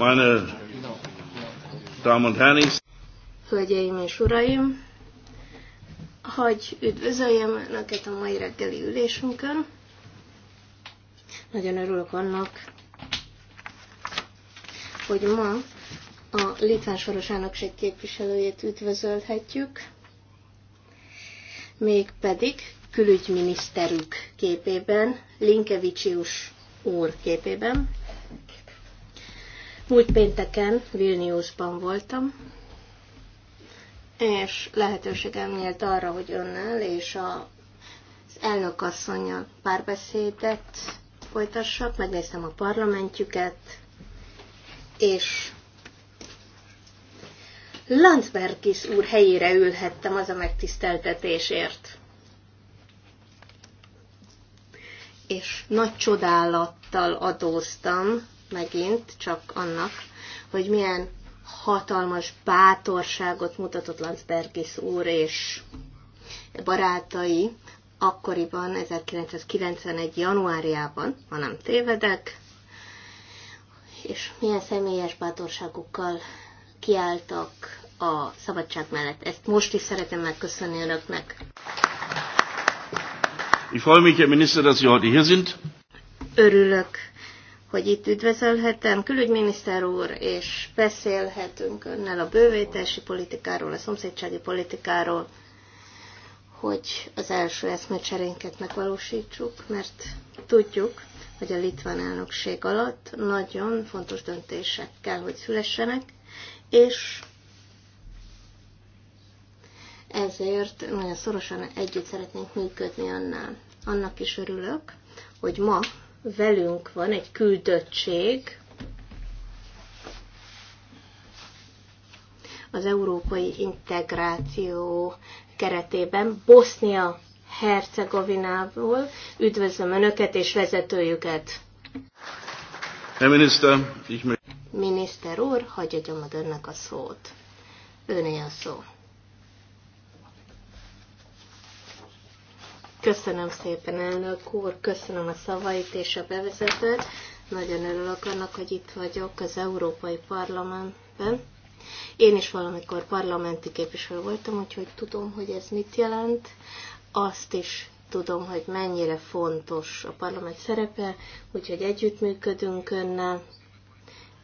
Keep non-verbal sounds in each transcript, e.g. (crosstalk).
meine Damen und Herren, Hölgyeim és Uraim, hogy üdvözöljem Önöket a mai reggeli ülésünkön. Nagyon örülök annak, hogy ma a Litván Soros Elnökség képviselőjét üdvözölhetjük, mégpedig külügyminiszterük képében, Linkevicius úr képében, Múlt pénteken Vilniusban voltam, és lehetőségem nyílt arra, hogy önnel és a, az elnökasszonynal párbeszédet folytassak, megnéztem a parlamentjüket, és Landsbergis úr helyére ülhettem az a megtiszteltetésért. És nagy csodálattal adóztam megint csak annak, hogy milyen hatalmas bátorságot mutatott Landsbergis úr és barátai akkoriban, 1991. januárjában, ha nem tévedek, és milyen személyes bátorságukkal kiálltak a szabadság mellett. Ezt most is szeretem megköszönni önöknek. Ich freue mich, Herr Minister, dass Sie heute hier sind. Örülök, hogy itt üdvözölhetem külügyminiszter úr, és beszélhetünk önnel a bővítési politikáról, a szomszédsági politikáról, hogy az első eszmecserénket megvalósítsuk, mert tudjuk, hogy a litván elnökség alatt nagyon fontos döntések kell, hogy szülessenek, és ezért nagyon szorosan együtt szeretnénk működni annál. Annak is örülök, hogy ma velünk van egy küldöttség az európai integráció keretében Bosznia Hercegovinából. Üdvözlöm Önöket és vezetőjüket! Herr Minister, ich Miniszter úr, hagyjam meg Önnek a szót. Öné a szó. Köszönöm szépen, elnök úr, köszönöm a szavait és a bevezetőt. Nagyon örülök annak, hogy itt vagyok az Európai Parlamentben. Én is valamikor parlamenti képviselő voltam, úgyhogy tudom, hogy ez mit jelent. Azt is tudom, hogy mennyire fontos a parlament szerepe, úgyhogy együttműködünk önnel,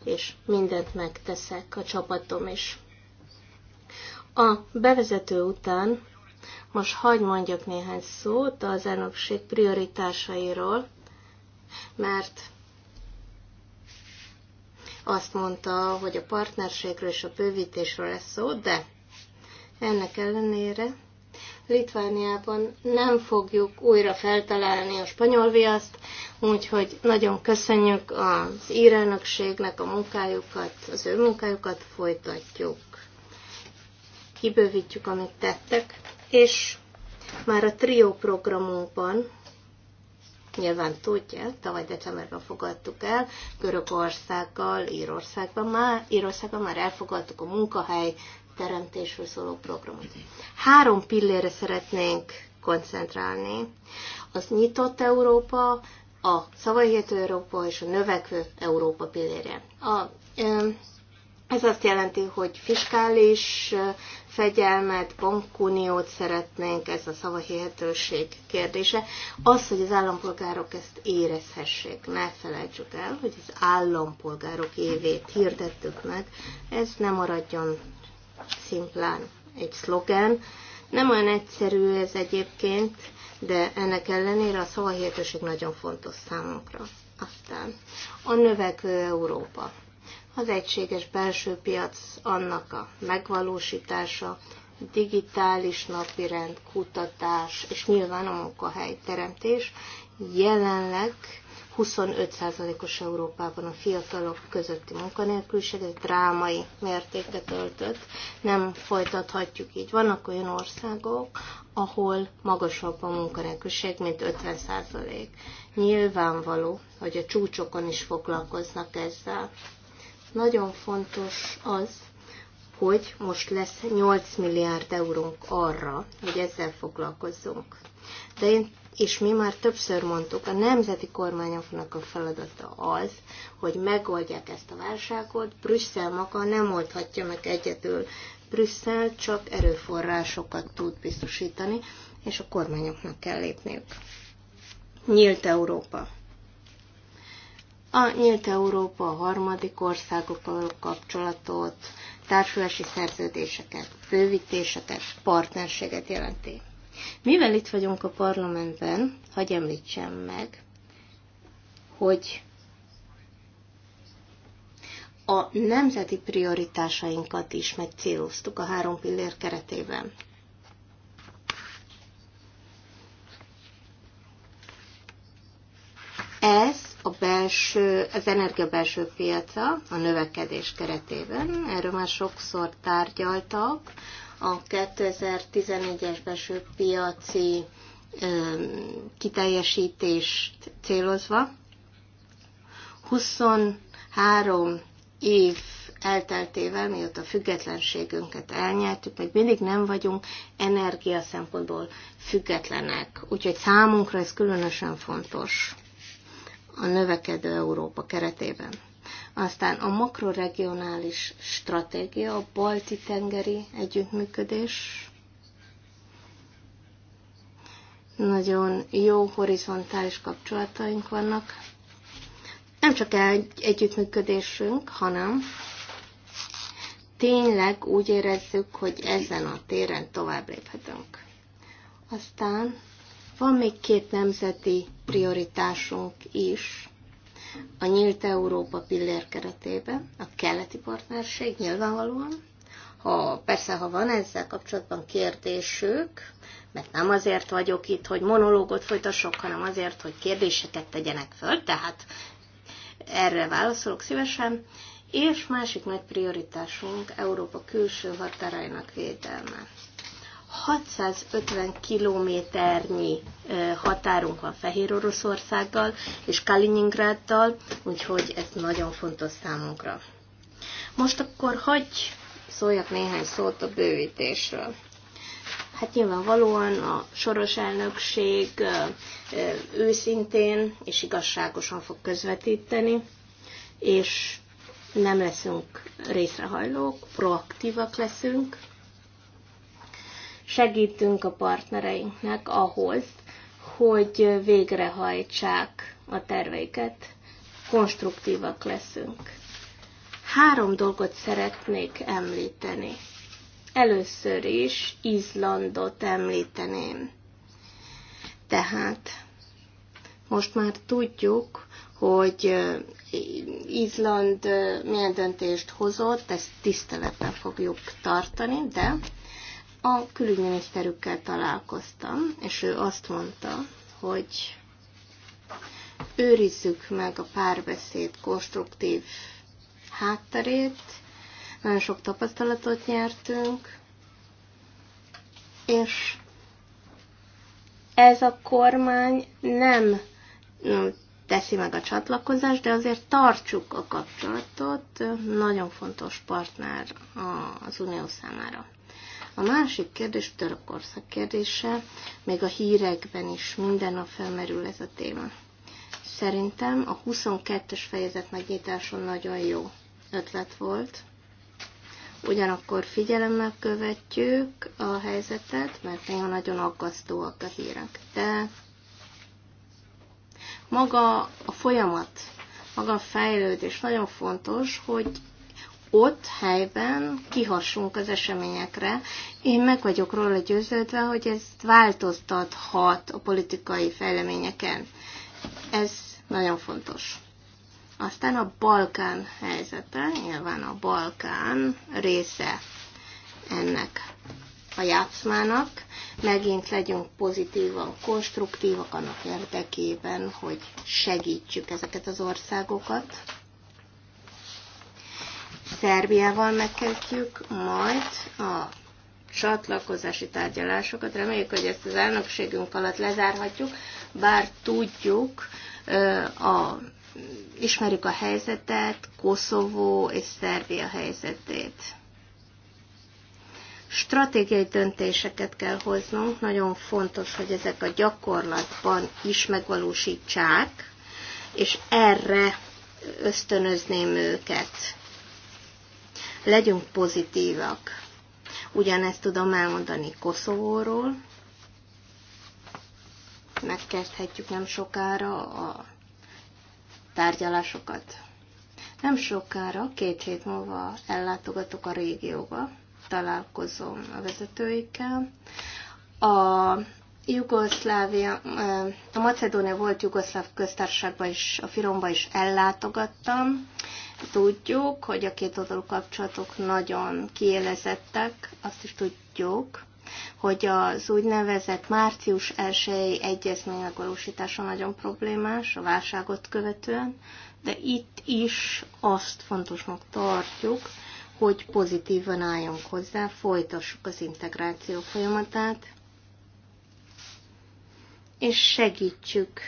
és mindent megteszek a csapatom is. A bevezető után most hagy mondjak néhány szót az elnökség prioritásairól, mert azt mondta, hogy a partnerségről és a bővítésről lesz szó, de ennek ellenére Litvániában nem fogjuk újra feltalálni a spanyol viaszt, úgyhogy nagyon köszönjük az írelnökségnek a munkájukat, az ő munkájukat folytatjuk. Kibővítjük, amit tettek és már a trió programunkban, nyilván tudja, tavaly decemberben fogadtuk el, Görögországgal, Írországban már, Írországban már elfogadtuk a munkahely teremtésről szóló programot. Három pillére szeretnénk koncentrálni. Az nyitott Európa, a szavahihető Európa és a növekvő Európa pillére. A ö, ez azt jelenti, hogy fiskális fegyelmet, bankuniót szeretnénk, ez a szavahihetőség kérdése. Az, hogy az állampolgárok ezt érezhessék, ne felejtsük el, hogy az állampolgárok évét hirdettük meg, ez nem maradjon szimplán egy szlogen. Nem olyan egyszerű ez egyébként, de ennek ellenére a szavahihetőség nagyon fontos számunkra. Aztán a növekvő Európa az egységes belső piac, annak a megvalósítása, digitális napirend, kutatás, és nyilván a munkahelyteremtés jelenleg 25%-os Európában a fiatalok közötti munkanélküliség, ez drámai mértéket öltött, nem folytathatjuk így. Vannak olyan országok, ahol magasabb a munkanélküliség, mint 50%. Nyilvánvaló, hogy a csúcsokon is foglalkoznak ezzel nagyon fontos az, hogy most lesz 8 milliárd eurónk arra, hogy ezzel foglalkozzunk. De én, és mi már többször mondtuk, a nemzeti kormányoknak a feladata az, hogy megoldják ezt a válságot, Brüsszel maga nem oldhatja meg egyedül. Brüsszel csak erőforrásokat tud biztosítani, és a kormányoknak kell lépniük. Nyílt Európa a Nyílt Európa, a harmadik országokkal kapcsolatot, társulási szerződéseket, bővítéseket, partnerséget jelenti. Mivel itt vagyunk a parlamentben, hagyj említsem meg, hogy a nemzeti prioritásainkat is megcéloztuk a három pillér keretében. Ez a belső, az energia belső piaca a növekedés keretében. Erről már sokszor tárgyaltak. A 2014-es belső piaci kiteljesítést célozva. 23 év elteltével, mióta függetlenségünket elnyertük, még mindig nem vagyunk energia szempontból függetlenek. Úgyhogy számunkra ez különösen fontos a növekedő Európa keretében. Aztán a makroregionális stratégia, a balti-tengeri együttműködés, nagyon jó horizontális kapcsolataink vannak. Nem csak egy együttműködésünk, hanem tényleg úgy érezzük, hogy ezen a téren tovább léphetünk. Aztán van még két nemzeti prioritásunk is a Nyílt Európa pillér keretében, a keleti partnerség nyilvánvalóan. Ha, persze, ha van ezzel kapcsolatban kérdésük, mert nem azért vagyok itt, hogy monológot folytassok, hanem azért, hogy kérdéseket tegyenek föl, tehát erre válaszolok szívesen. És másik nagy prioritásunk Európa külső határainak védelme. 650 kilométernyi határunk van Fehér Oroszországgal és Kaliningráddal, úgyhogy ez nagyon fontos számunkra. Most akkor hagyj szóljak néhány szót a bővítésről. Hát nyilvánvalóan a soros elnökség őszintén és igazságosan fog közvetíteni, és nem leszünk részrehajlók, proaktívak leszünk, segítünk a partnereinknek ahhoz, hogy végrehajtsák a terveiket, konstruktívak leszünk. Három dolgot szeretnék említeni. Először is Izlandot említeném. Tehát most már tudjuk, hogy Izland milyen döntést hozott, ezt tiszteletben fogjuk tartani, de a külügyminiszterükkel találkoztam, és ő azt mondta, hogy őrizzük meg a párbeszéd konstruktív hátterét, nagyon sok tapasztalatot nyertünk, és ez a kormány nem teszi meg a csatlakozást, de azért tartsuk a kapcsolatot, nagyon fontos partner az Unió számára. A másik kérdés, Törökország kérdése, még a hírekben is minden nap felmerül ez a téma. Szerintem a 22-es fejezet megnyitáson nagyon jó ötlet volt. Ugyanakkor figyelemmel követjük a helyzetet, mert néha nagyon aggasztóak a hírek. De maga a folyamat, maga a fejlődés nagyon fontos, hogy ott helyben kihassunk az eseményekre. Én meg vagyok róla győződve, hogy ez változtathat a politikai fejleményeken. Ez nagyon fontos. Aztán a Balkán helyzete, nyilván a Balkán része ennek a játszmának. Megint legyünk pozitívan, konstruktívak annak érdekében, hogy segítsük ezeket az országokat Szerbiával megkezdjük majd a csatlakozási tárgyalásokat. Reméljük, hogy ezt az elnökségünk alatt lezárhatjuk, bár tudjuk, a, ismerjük a helyzetet, Koszovó és Szerbia helyzetét. Stratégiai döntéseket kell hoznunk, nagyon fontos, hogy ezek a gyakorlatban is megvalósítsák, és erre ösztönözném őket Legyünk pozitívak. Ugyanezt tudom elmondani Koszovóról. Megkezdhetjük nem sokára a tárgyalásokat. Nem sokára, két hét múlva ellátogatok a régióba, találkozom a vezetőikkel. A Jugoszlávia, eh, a Macedónia volt Jugoszláv köztársaságban is, a Firomba is ellátogattam. Tudjuk, hogy a két oldalú kapcsolatok nagyon kielezettek, azt is tudjuk, hogy az úgynevezett március 1-i egyezmény megvalósítása nagyon problémás, a válságot követően, de itt is azt fontosnak tartjuk, hogy pozitívan álljunk hozzá, folytassuk az integráció folyamatát, és segítsük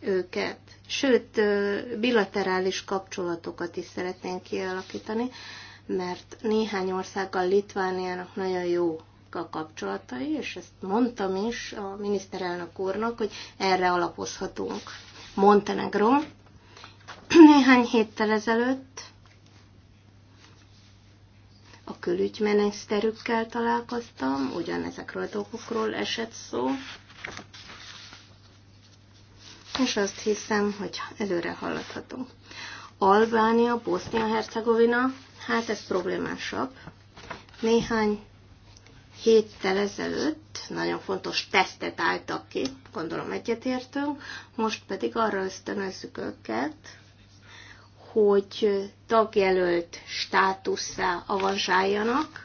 őket. Sőt, bilaterális kapcsolatokat is szeretnénk kialakítani, mert néhány országgal Litvániának nagyon jó a kapcsolatai, és ezt mondtam is a miniszterelnök úrnak, hogy erre alapozhatunk. Montenegro néhány héttel ezelőtt a külügyminiszterükkel találkoztam, ugyanezekről a dolgokról esett szó, és azt hiszem, hogy előre haladhatunk. Albánia, Bosznia-Hercegovina, hát ez problémásabb. Néhány héttel ezelőtt nagyon fontos tesztet álltak ki, gondolom egyetértünk, most pedig arra ösztönözzük őket, hogy tagjelölt státusszá avanzsáljanak,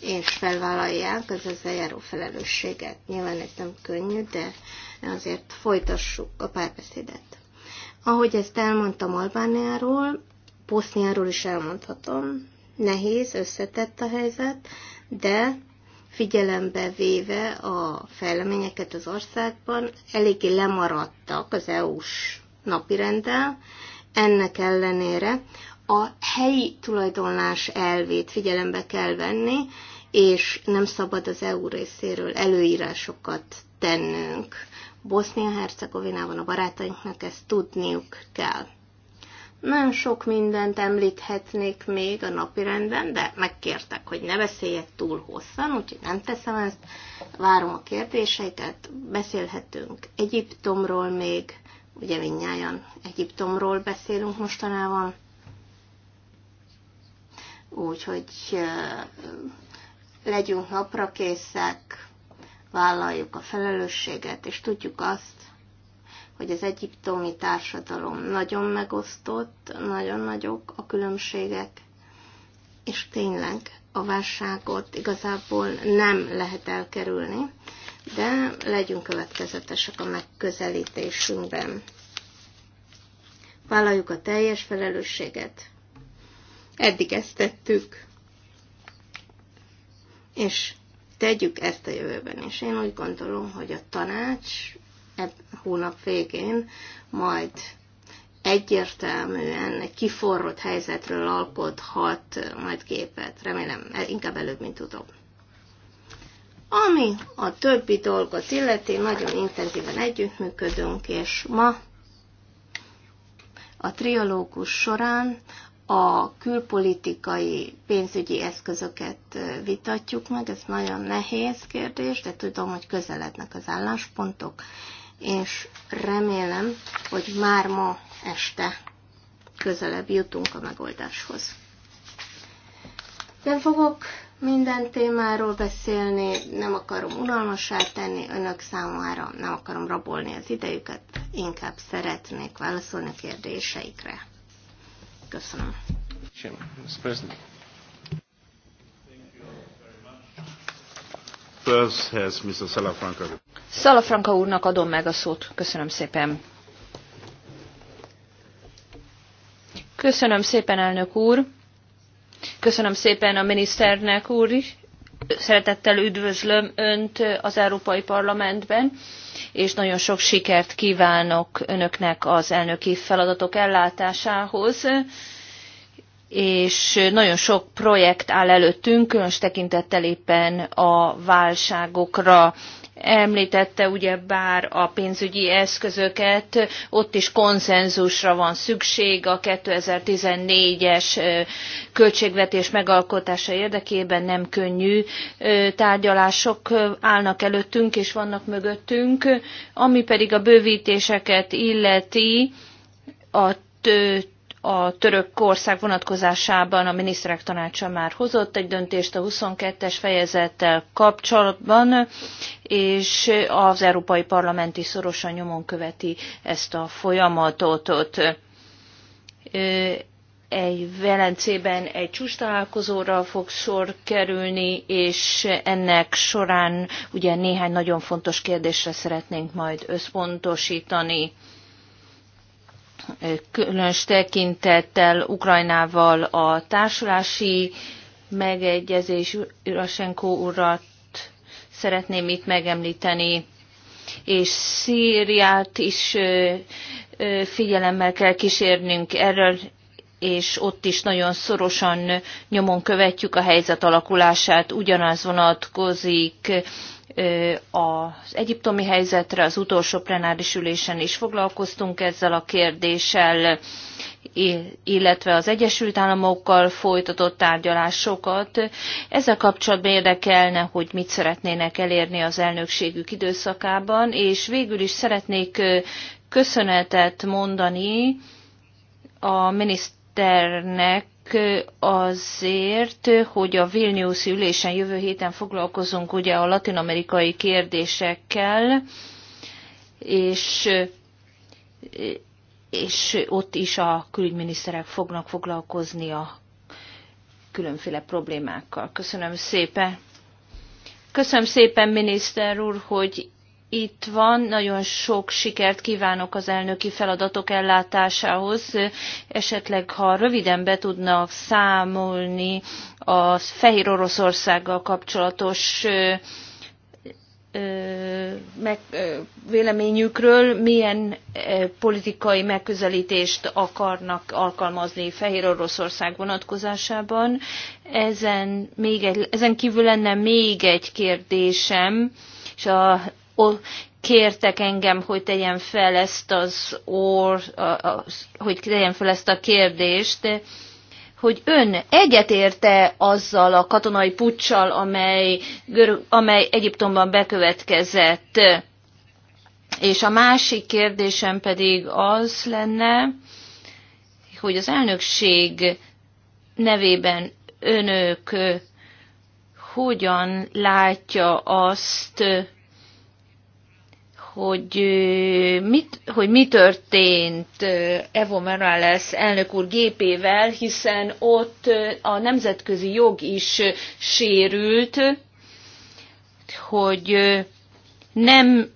és felvállalják az ezzel járó felelősséget. Nyilván ez nem könnyű, de azért folytassuk a párbeszédet. Ahogy ezt elmondtam Albániáról, Boszniáról is elmondhatom, nehéz, összetett a helyzet, de figyelembe véve a fejleményeket az országban, eléggé lemaradtak az EU-s napirendel, ennek ellenére a helyi tulajdonlás elvét figyelembe kell venni, és nem szabad az EU részéről előírásokat tennünk. Bosznia-Hercegovinában a barátainknak ezt tudniuk kell. Nem sok mindent említhetnék még a napirenden, de megkértek, hogy ne beszéljek túl hosszan, úgyhogy nem teszem ezt. Várom a kérdéseiket, beszélhetünk Egyiptomról még, ugye mindnyájan Egyiptomról beszélünk mostanában. Úgyhogy legyünk napra készek, vállaljuk a felelősséget, és tudjuk azt, hogy az egyiptomi társadalom nagyon megosztott, nagyon nagyok a különbségek, és tényleg a válságot igazából nem lehet elkerülni, de legyünk következetesek a megközelítésünkben. Vállaljuk a teljes felelősséget, Eddig ezt tettük, és tegyük ezt a jövőben is. Én úgy gondolom, hogy a tanács ebb hónap végén majd egyértelműen egy kiforrott helyzetről alkothat majd képet. Remélem, inkább előbb, mint utóbb. Ami a többi dolgot illeti, nagyon intenzíven együttműködünk, és ma a triológus során a külpolitikai pénzügyi eszközöket vitatjuk meg, ez nagyon nehéz kérdés, de tudom, hogy közelednek az álláspontok, és remélem, hogy már ma este közelebb jutunk a megoldáshoz. Nem fogok minden témáról beszélni, nem akarom unalmassá tenni önök számára, nem akarom rabolni az idejüket, inkább szeretnék válaszolni a kérdéseikre. Köszönöm. Salafranca úrnak adom meg a szót. Köszönöm szépen. Köszönöm szépen, elnök úr. Köszönöm szépen a miniszternek úr is. Szeretettel üdvözlöm Önt az Európai Parlamentben és nagyon sok sikert kívánok önöknek az elnöki feladatok ellátásához és nagyon sok projekt áll előttünk, különös tekintettel éppen a válságokra Említette ugye bár a pénzügyi eszközöket, ott is konszenzusra van szükség a 2014-es költségvetés megalkotása érdekében nem könnyű tárgyalások állnak előttünk és vannak mögöttünk, ami pedig a bővítéseket illeti a a török ország vonatkozásában a miniszterek tanácsa már hozott egy döntést a 22-es fejezettel kapcsolatban, és az Európai Parlament is szorosan nyomon követi ezt a folyamatot. Egy Velencében egy csúcstalálkozóra fog sor kerülni, és ennek során ugye néhány nagyon fontos kérdésre szeretnénk majd összpontosítani különös tekintettel Ukrajnával a társulási megegyezés Urasenko urat szeretném itt megemlíteni, és Szíriát is figyelemmel kell kísérnünk erről, és ott is nagyon szorosan nyomon követjük a helyzet alakulását. Ugyanaz vonatkozik az egyiptomi helyzetre, az utolsó plenáris ülésen is foglalkoztunk ezzel a kérdéssel, illetve az Egyesült Államokkal folytatott tárgyalásokat. Ezzel kapcsolatban érdekelne, hogy mit szeretnének elérni az elnökségük időszakában, és végül is szeretnék köszönetet mondani a miniszternek, azért, hogy a Vilnius ülésen jövő héten foglalkozunk ugye a latinamerikai kérdésekkel, és, és ott is a külügyminiszterek fognak foglalkozni a különféle problémákkal. Köszönöm szépen. Köszönöm szépen, miniszter úr, hogy itt van, nagyon sok sikert kívánok az elnöki feladatok ellátásához. Esetleg, ha röviden be tudnak számolni a Fehér Oroszországgal kapcsolatos meg, véleményükről, milyen politikai megközelítést akarnak alkalmazni Fehér Oroszország vonatkozásában. Ezen, még egy, ezen kívül lenne még egy kérdésem, és a kértek engem, hogy tegyem fel ezt az or, hogy tegyem fel ezt a kérdést, hogy ön egyetérte azzal a katonai puccsal, amely, amely Egyiptomban bekövetkezett. És a másik kérdésem pedig az lenne, hogy az elnökség nevében önök hogyan látja azt, hogy, mit, hogy mi történt Evo Morales elnök úr gépével, hiszen ott a nemzetközi jog is sérült, hogy nem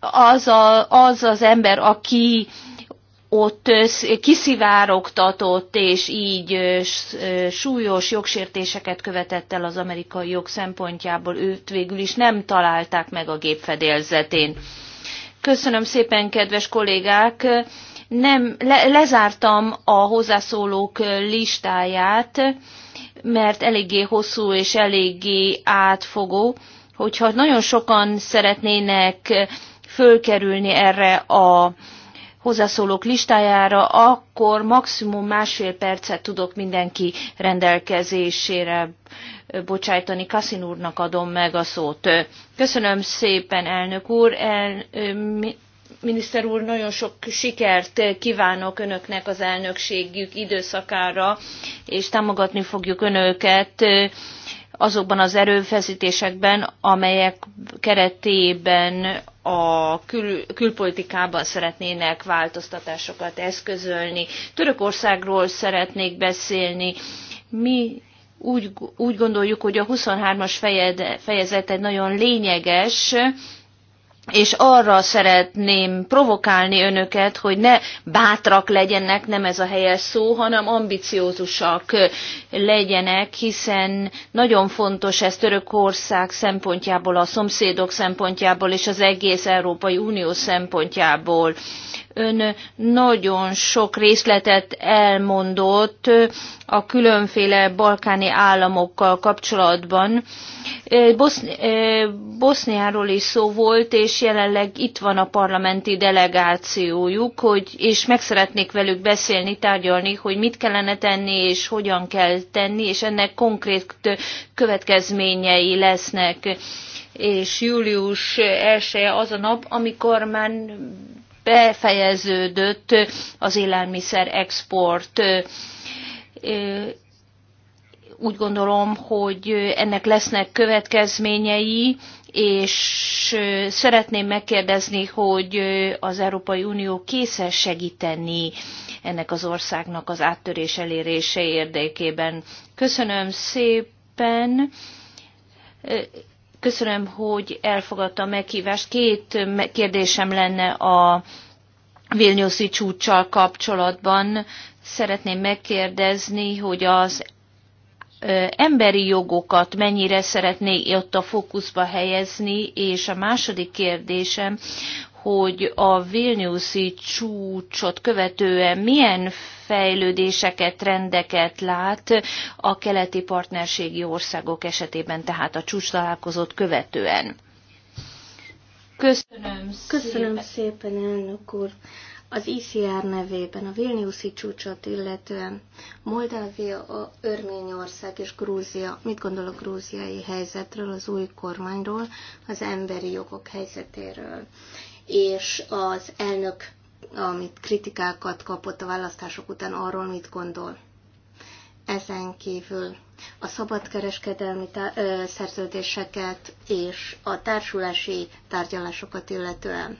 az, a, az az ember, aki ott kiszivárogtatott és így súlyos jogsértéseket követett el az amerikai jog szempontjából, őt végül is nem találták meg a gépfedélzetén. Köszönöm szépen, kedves kollégák! Nem, le, lezártam a hozzászólók listáját, mert eléggé hosszú és eléggé átfogó. Hogyha nagyon sokan szeretnének fölkerülni erre a hozzászólók listájára, akkor maximum másfél percet tudok mindenki rendelkezésére bocsájtani. Kaszin úrnak adom meg a szót. Köszönöm szépen, elnök úr. El, miniszter úr, nagyon sok sikert kívánok önöknek az elnökségük időszakára, és támogatni fogjuk önöket azokban az erőfeszítésekben, amelyek keretében a kül, külpolitikában szeretnének változtatásokat eszközölni. Törökországról szeretnék beszélni. Mi úgy, úgy gondoljuk, hogy a 23-as fejezet egy nagyon lényeges és arra szeretném provokálni önöket, hogy ne bátrak legyenek, nem ez a helyes szó, hanem ambiciózusak legyenek, hiszen nagyon fontos ez Törökország szempontjából, a szomszédok szempontjából és az egész Európai Unió szempontjából Ön nagyon sok részletet elmondott a különféle balkáni államokkal kapcsolatban. Boszni, Boszniáról is szó volt, és jelenleg itt van a parlamenti delegációjuk, hogy, és meg szeretnék velük beszélni, tárgyalni, hogy mit kellene tenni, és hogyan kell tenni, és ennek konkrét következményei lesznek és július 1 az a nap, amikor már befejeződött az élelmiszer export. Úgy gondolom, hogy ennek lesznek következményei, és szeretném megkérdezni, hogy az Európai Unió készen segíteni ennek az országnak az áttörés elérése érdekében. Köszönöm szépen! Köszönöm, hogy elfogadta a meghívást. Két kérdésem lenne a Vilniuszi csúcssal kapcsolatban. Szeretném megkérdezni, hogy az emberi jogokat mennyire szeretné ott a fókuszba helyezni, és a második kérdésem, hogy a Vilniuszi csúcsot követően milyen fejlődéseket, trendeket lát a keleti partnerségi országok esetében, tehát a csúcs találkozót követően. Köszönöm, Köszönöm szépen. szépen, elnök úr. Az ICR nevében a Vilniuszi csúcsot illetően Moldávia, a Örményország és Grúzia, mit gondol a grúziai helyzetről, az új kormányról, az emberi jogok helyzetéről és az elnök, amit kritikákat kapott a választások után arról, mit gondol. Ezen kívül a szabadkereskedelmi tá- ö, szerződéseket és a társulási tárgyalásokat illetően.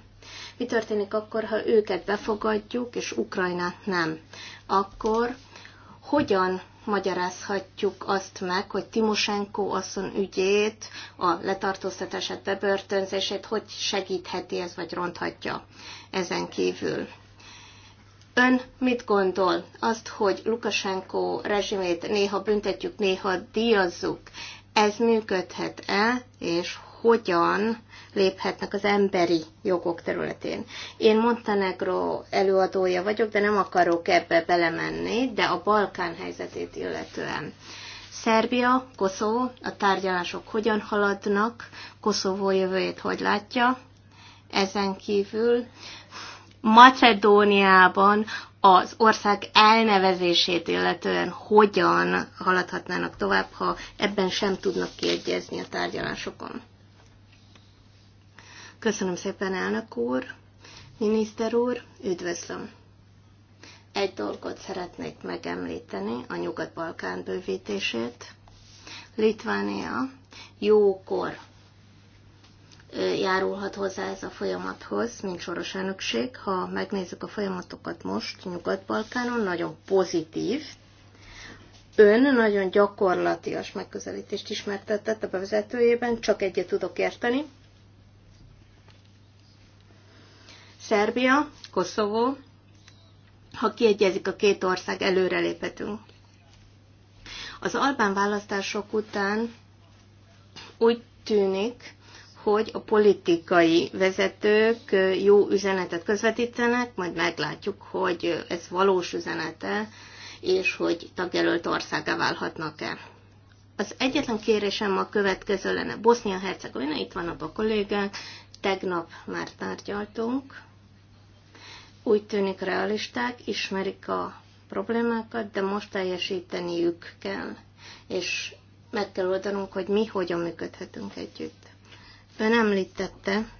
Mi történik akkor, ha őket befogadjuk, és Ukrajnát nem? Akkor hogyan magyarázhatjuk azt meg, hogy Timosenko asszon ügyét, a letartóztatását, bebörtönzését, hogy segítheti ez, vagy ronthatja ezen kívül. Ön mit gondol? Azt, hogy Lukasenko rezsimét néha büntetjük, néha díjazzuk, ez működhet-e, és hogyan léphetnek az emberi jogok területén. Én Montenegro előadója vagyok, de nem akarok ebbe belemenni, de a Balkán helyzetét illetően. Szerbia, Koszovó, a tárgyalások hogyan haladnak, Koszovó jövőjét hogy látja, ezen kívül Macedóniában az ország elnevezését illetően hogyan haladhatnának tovább, ha ebben sem tudnak kiegyezni a tárgyalásokon. Köszönöm szépen, elnök úr, miniszter úr, üdvözlöm. Egy dolgot szeretnék megemlíteni, a Nyugat-Balkán bővítését. Litvánia jókor járulhat hozzá ez a folyamathoz, mint soros elnökség. Ha megnézzük a folyamatokat most Nyugat-Balkánon, nagyon pozitív. Ön nagyon gyakorlatias megközelítést ismertetett a bevezetőjében, csak egyet tudok érteni. Szerbia, Koszovó, ha kiegyezik a két ország, előreléphetünk. Az albán választások után úgy tűnik, hogy a politikai vezetők jó üzenetet közvetítenek, majd meglátjuk, hogy ez valós üzenete, és hogy tagjelölt országá válhatnak-e. Az egyetlen kérésem a következő lenne Bosznia-Hercegovina, itt vannak a kollégák, tegnap már tárgyaltunk, úgy tűnik realisták, ismerik a problémákat, de most teljesíteniük kell, és meg kell oldanunk, hogy mi hogyan működhetünk együtt. Ön említette,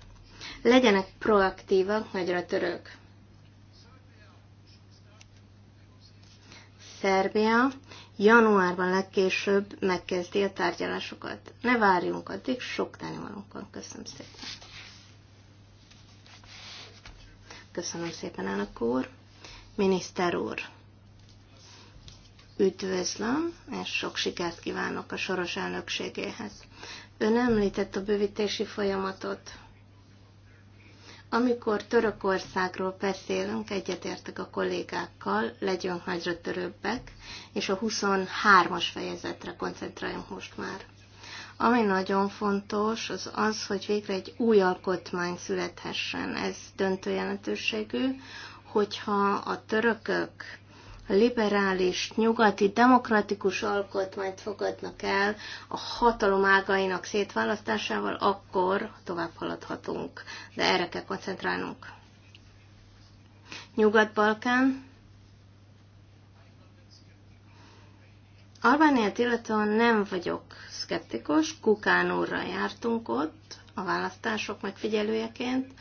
legyenek proaktívak, nagyra török. Szerbia januárban legkésőbb megkezdi a tárgyalásokat. Ne várjunk addig, sok tennivalónk van. Köszönöm szépen. Köszönöm szépen, elnök úr. Miniszter úr, üdvözlöm, és sok sikert kívánok a soros elnökségéhez. Ön említett a bővítési folyamatot. Amikor Törökországról beszélünk, egyetértek a kollégákkal, legyünk nagyra törőbbek, és a 23-as fejezetre koncentráljunk most már. Ami nagyon fontos, az az, hogy végre egy új alkotmány születhessen. Ez döntő jelentőségű, hogyha a törökök liberális, nyugati, demokratikus alkotmányt fogadnak el a hatalom ágainak szétválasztásával, akkor tovább haladhatunk. De erre kell koncentrálnunk. Nyugat-Balkán, Albániát illetően nem vagyok szkeptikus, Kukán úrral jártunk ott, a választások megfigyelőjeként.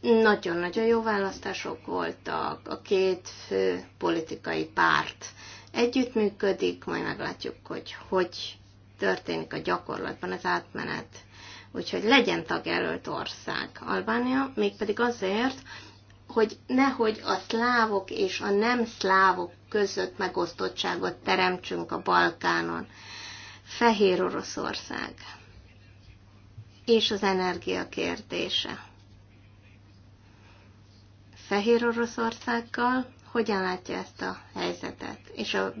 Nagyon-nagyon jó választások voltak, a két fő politikai párt együttműködik, majd meglátjuk, hogy hogy történik a gyakorlatban az átmenet. Úgyhogy legyen tagjelölt ország Albánia, mégpedig azért, hogy nehogy a szlávok és a nem szlávok között megosztottságot teremtsünk a Balkánon. Fehér Oroszország és az energia kérdése. Fehér Oroszországgal hogyan látja ezt a helyzetet, és a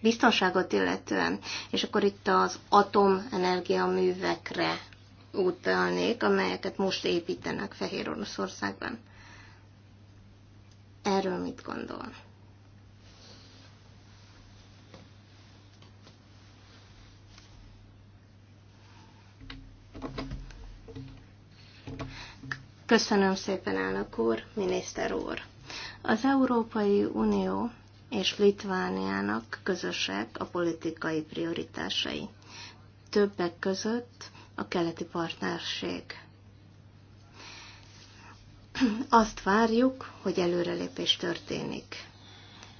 biztonságot illetően, és akkor itt az atomenergia művekre utalnék, amelyeket most építenek Fehér Oroszországban. Erről mit gondol? Köszönöm szépen, elnök úr, miniszter úr. Az Európai Unió és Litvániának közösek a politikai prioritásai. Többek között a keleti partnerség (clears throat) Azt várjuk, hogy előrelépés történik.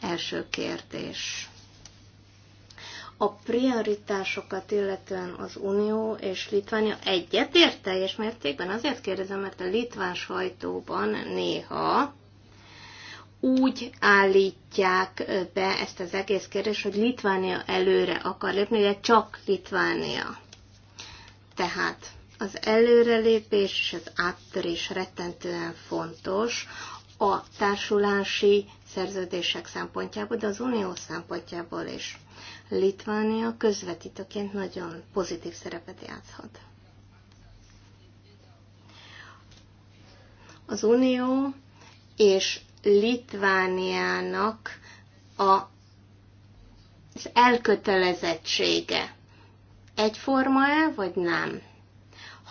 Első kérdés. A prioritásokat illetően az Unió és Litvánia egyetért teljes mértékben? Azért kérdezem, mert a litván sajtóban néha úgy állítják be ezt az egész kérdést, hogy Litvánia előre akar lépni, de csak Litvánia. Tehát az előrelépés és az áttörés rettentően fontos a társulási szerződések szempontjából, de az unió szempontjából is. Litvánia közvetítőként nagyon pozitív szerepet játszhat. Az unió és Litvániának a, az elkötelezettsége egyforma-e, vagy nem?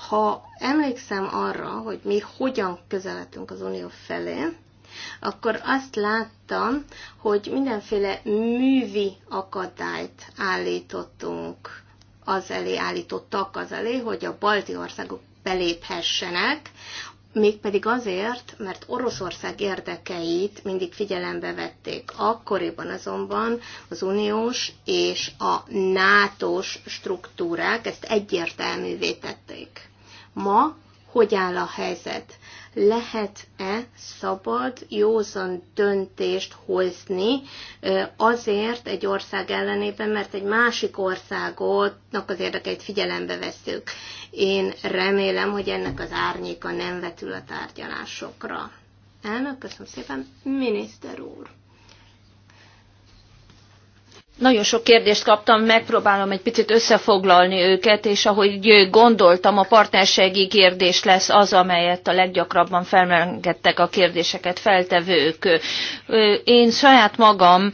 ha emlékszem arra, hogy mi hogyan közeledtünk az unió felé, akkor azt láttam, hogy mindenféle művi akadályt állítottunk az elé, állítottak az elé, hogy a balti országok beléphessenek, mégpedig azért, mert Oroszország érdekeit mindig figyelembe vették. Akkoriban azonban az uniós és a NATO-s struktúrák ezt egyértelművé tették. Ma hogy áll a helyzet? Lehet-e szabad, józan döntést hozni azért egy ország ellenében, mert egy másik országotnak az érdekeit figyelembe veszük? Én remélem, hogy ennek az árnyéka nem vetül a tárgyalásokra. Elnök, köszönöm szépen, miniszter úr! Nagyon sok kérdést kaptam, megpróbálom egy picit összefoglalni őket, és ahogy gondoltam, a partnerségi kérdés lesz az, amelyet a leggyakrabban felmelengettek a kérdéseket feltevők. Én saját magam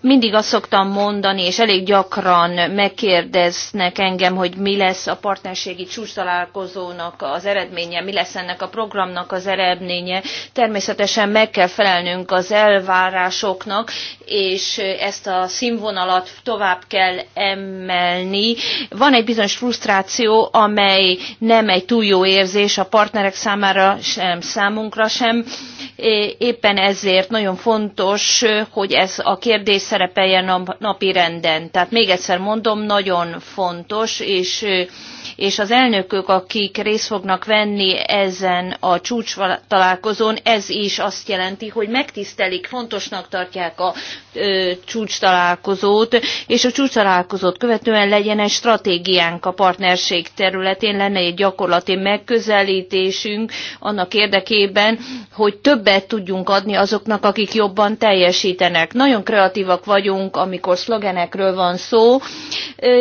mindig azt szoktam mondani, és elég gyakran megkérdeznek engem, hogy mi lesz a partnerségi csúcs találkozónak az eredménye, mi lesz ennek a programnak az eredménye. Természetesen meg kell felelnünk az elvárásoknak, és ezt a szín színvonalat tovább kell emelni. Van egy bizonyos frusztráció, amely nem egy túl jó érzés a partnerek számára sem, számunkra sem. Éppen ezért nagyon fontos, hogy ez a kérdés szerepeljen a napi renden. Tehát még egyszer mondom, nagyon fontos, és és az elnökök, akik részt fognak venni ezen a csúcs találkozón, ez is azt jelenti, hogy megtisztelik, fontosnak tartják a ö, csúcs találkozót, és a csúcs találkozót követően legyen egy stratégiánk a partnerség területén, lenne egy gyakorlati megközelítésünk annak érdekében, hogy többet tudjunk adni azoknak, akik jobban teljesítenek. Nagyon kreatívak vagyunk, amikor szlogenekről van szó,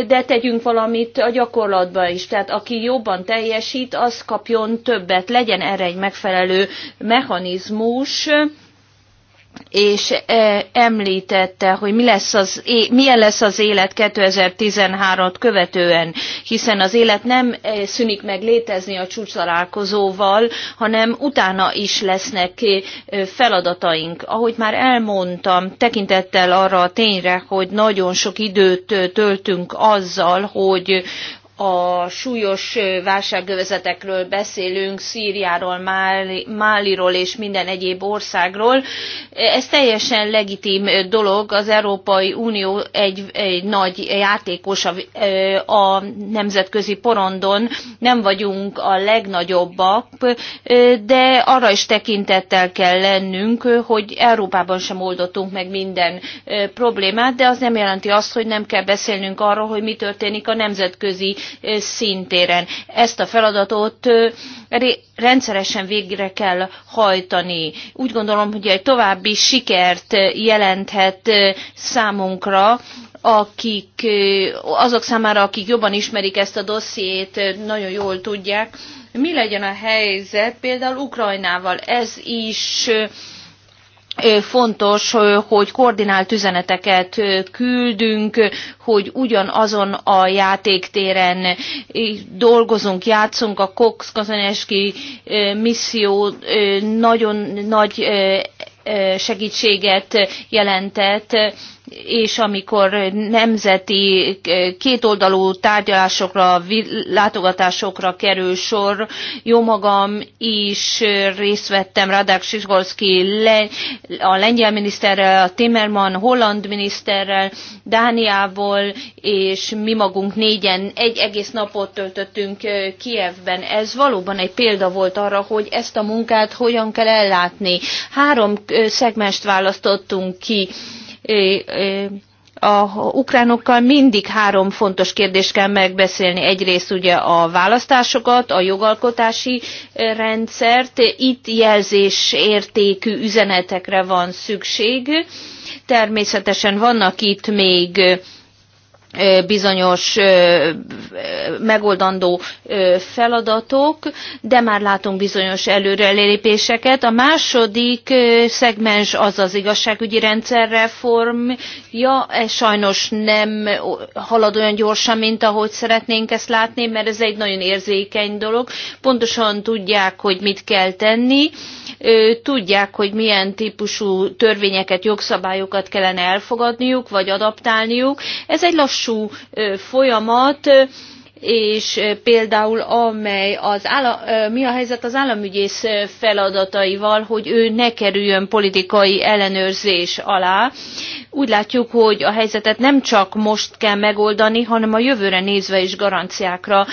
de tegyünk valamit a gyakorlatba is. Tehát aki jobban teljesít, az kapjon többet, legyen erre egy megfelelő mechanizmus, és e, említette, hogy mi lesz az, milyen lesz az élet 2013-t követően, hiszen az élet nem e, szűnik meg létezni a csúcsalálkozóval, hanem utána is lesznek e, feladataink. Ahogy már elmondtam, tekintettel arra a tényre, hogy nagyon sok időt töltünk azzal, hogy a súlyos válságövezetekről beszélünk, Szíriáról, Máli, Máliról és minden egyéb országról. Ez teljesen legitim dolog, az Európai Unió egy, egy nagy játékos a, a nemzetközi porondon, nem vagyunk a legnagyobbak, de arra is tekintettel kell lennünk, hogy Európában sem oldottunk meg minden problémát, de az nem jelenti azt, hogy nem kell beszélnünk arról, hogy mi történik a nemzetközi szintéren. Ezt a feladatot rendszeresen végre kell hajtani. Úgy gondolom, hogy egy további sikert jelenthet számunkra, akik, azok számára, akik jobban ismerik ezt a dossziét, nagyon jól tudják, mi legyen a helyzet például Ukrajnával. Ez is fontos, hogy koordinált üzeneteket küldünk, hogy ugyanazon a játéktéren dolgozunk, játszunk. A Cox Kazaneski misszió nagyon nagy segítséget jelentett és amikor nemzeti kétoldalú tárgyalásokra, látogatásokra kerül sor, jó magam is részt vettem Radák Sikorszki le, a lengyel miniszterrel, a Timmerman holland miniszterrel, Dániából, és mi magunk négyen egy egész napot töltöttünk Kievben. Ez valóban egy példa volt arra, hogy ezt a munkát hogyan kell ellátni. Három szegmest választottunk ki a ukránokkal mindig három fontos kérdést kell megbeszélni. Egyrészt ugye a választásokat, a jogalkotási e, rendszert, itt jelzés értékű üzenetekre van szükség. Természetesen vannak itt még bizonyos megoldandó feladatok, de már látunk bizonyos előrelépéseket. A második szegmens az az igazságügyi rendszerreformja, ez sajnos nem halad olyan gyorsan, mint ahogy szeretnénk ezt látni, mert ez egy nagyon érzékeny dolog. Pontosan tudják, hogy mit kell tenni, tudják, hogy milyen típusú törvényeket, jogszabályokat kellene elfogadniuk, vagy adaptálniuk. Ez egy lassú lassú folyamat, és például amely az állam, mi a helyzet az államügyész feladataival, hogy ő ne kerüljön politikai ellenőrzés alá. Úgy látjuk, hogy a helyzetet nem csak most kell megoldani, hanem a jövőre nézve is garanciákra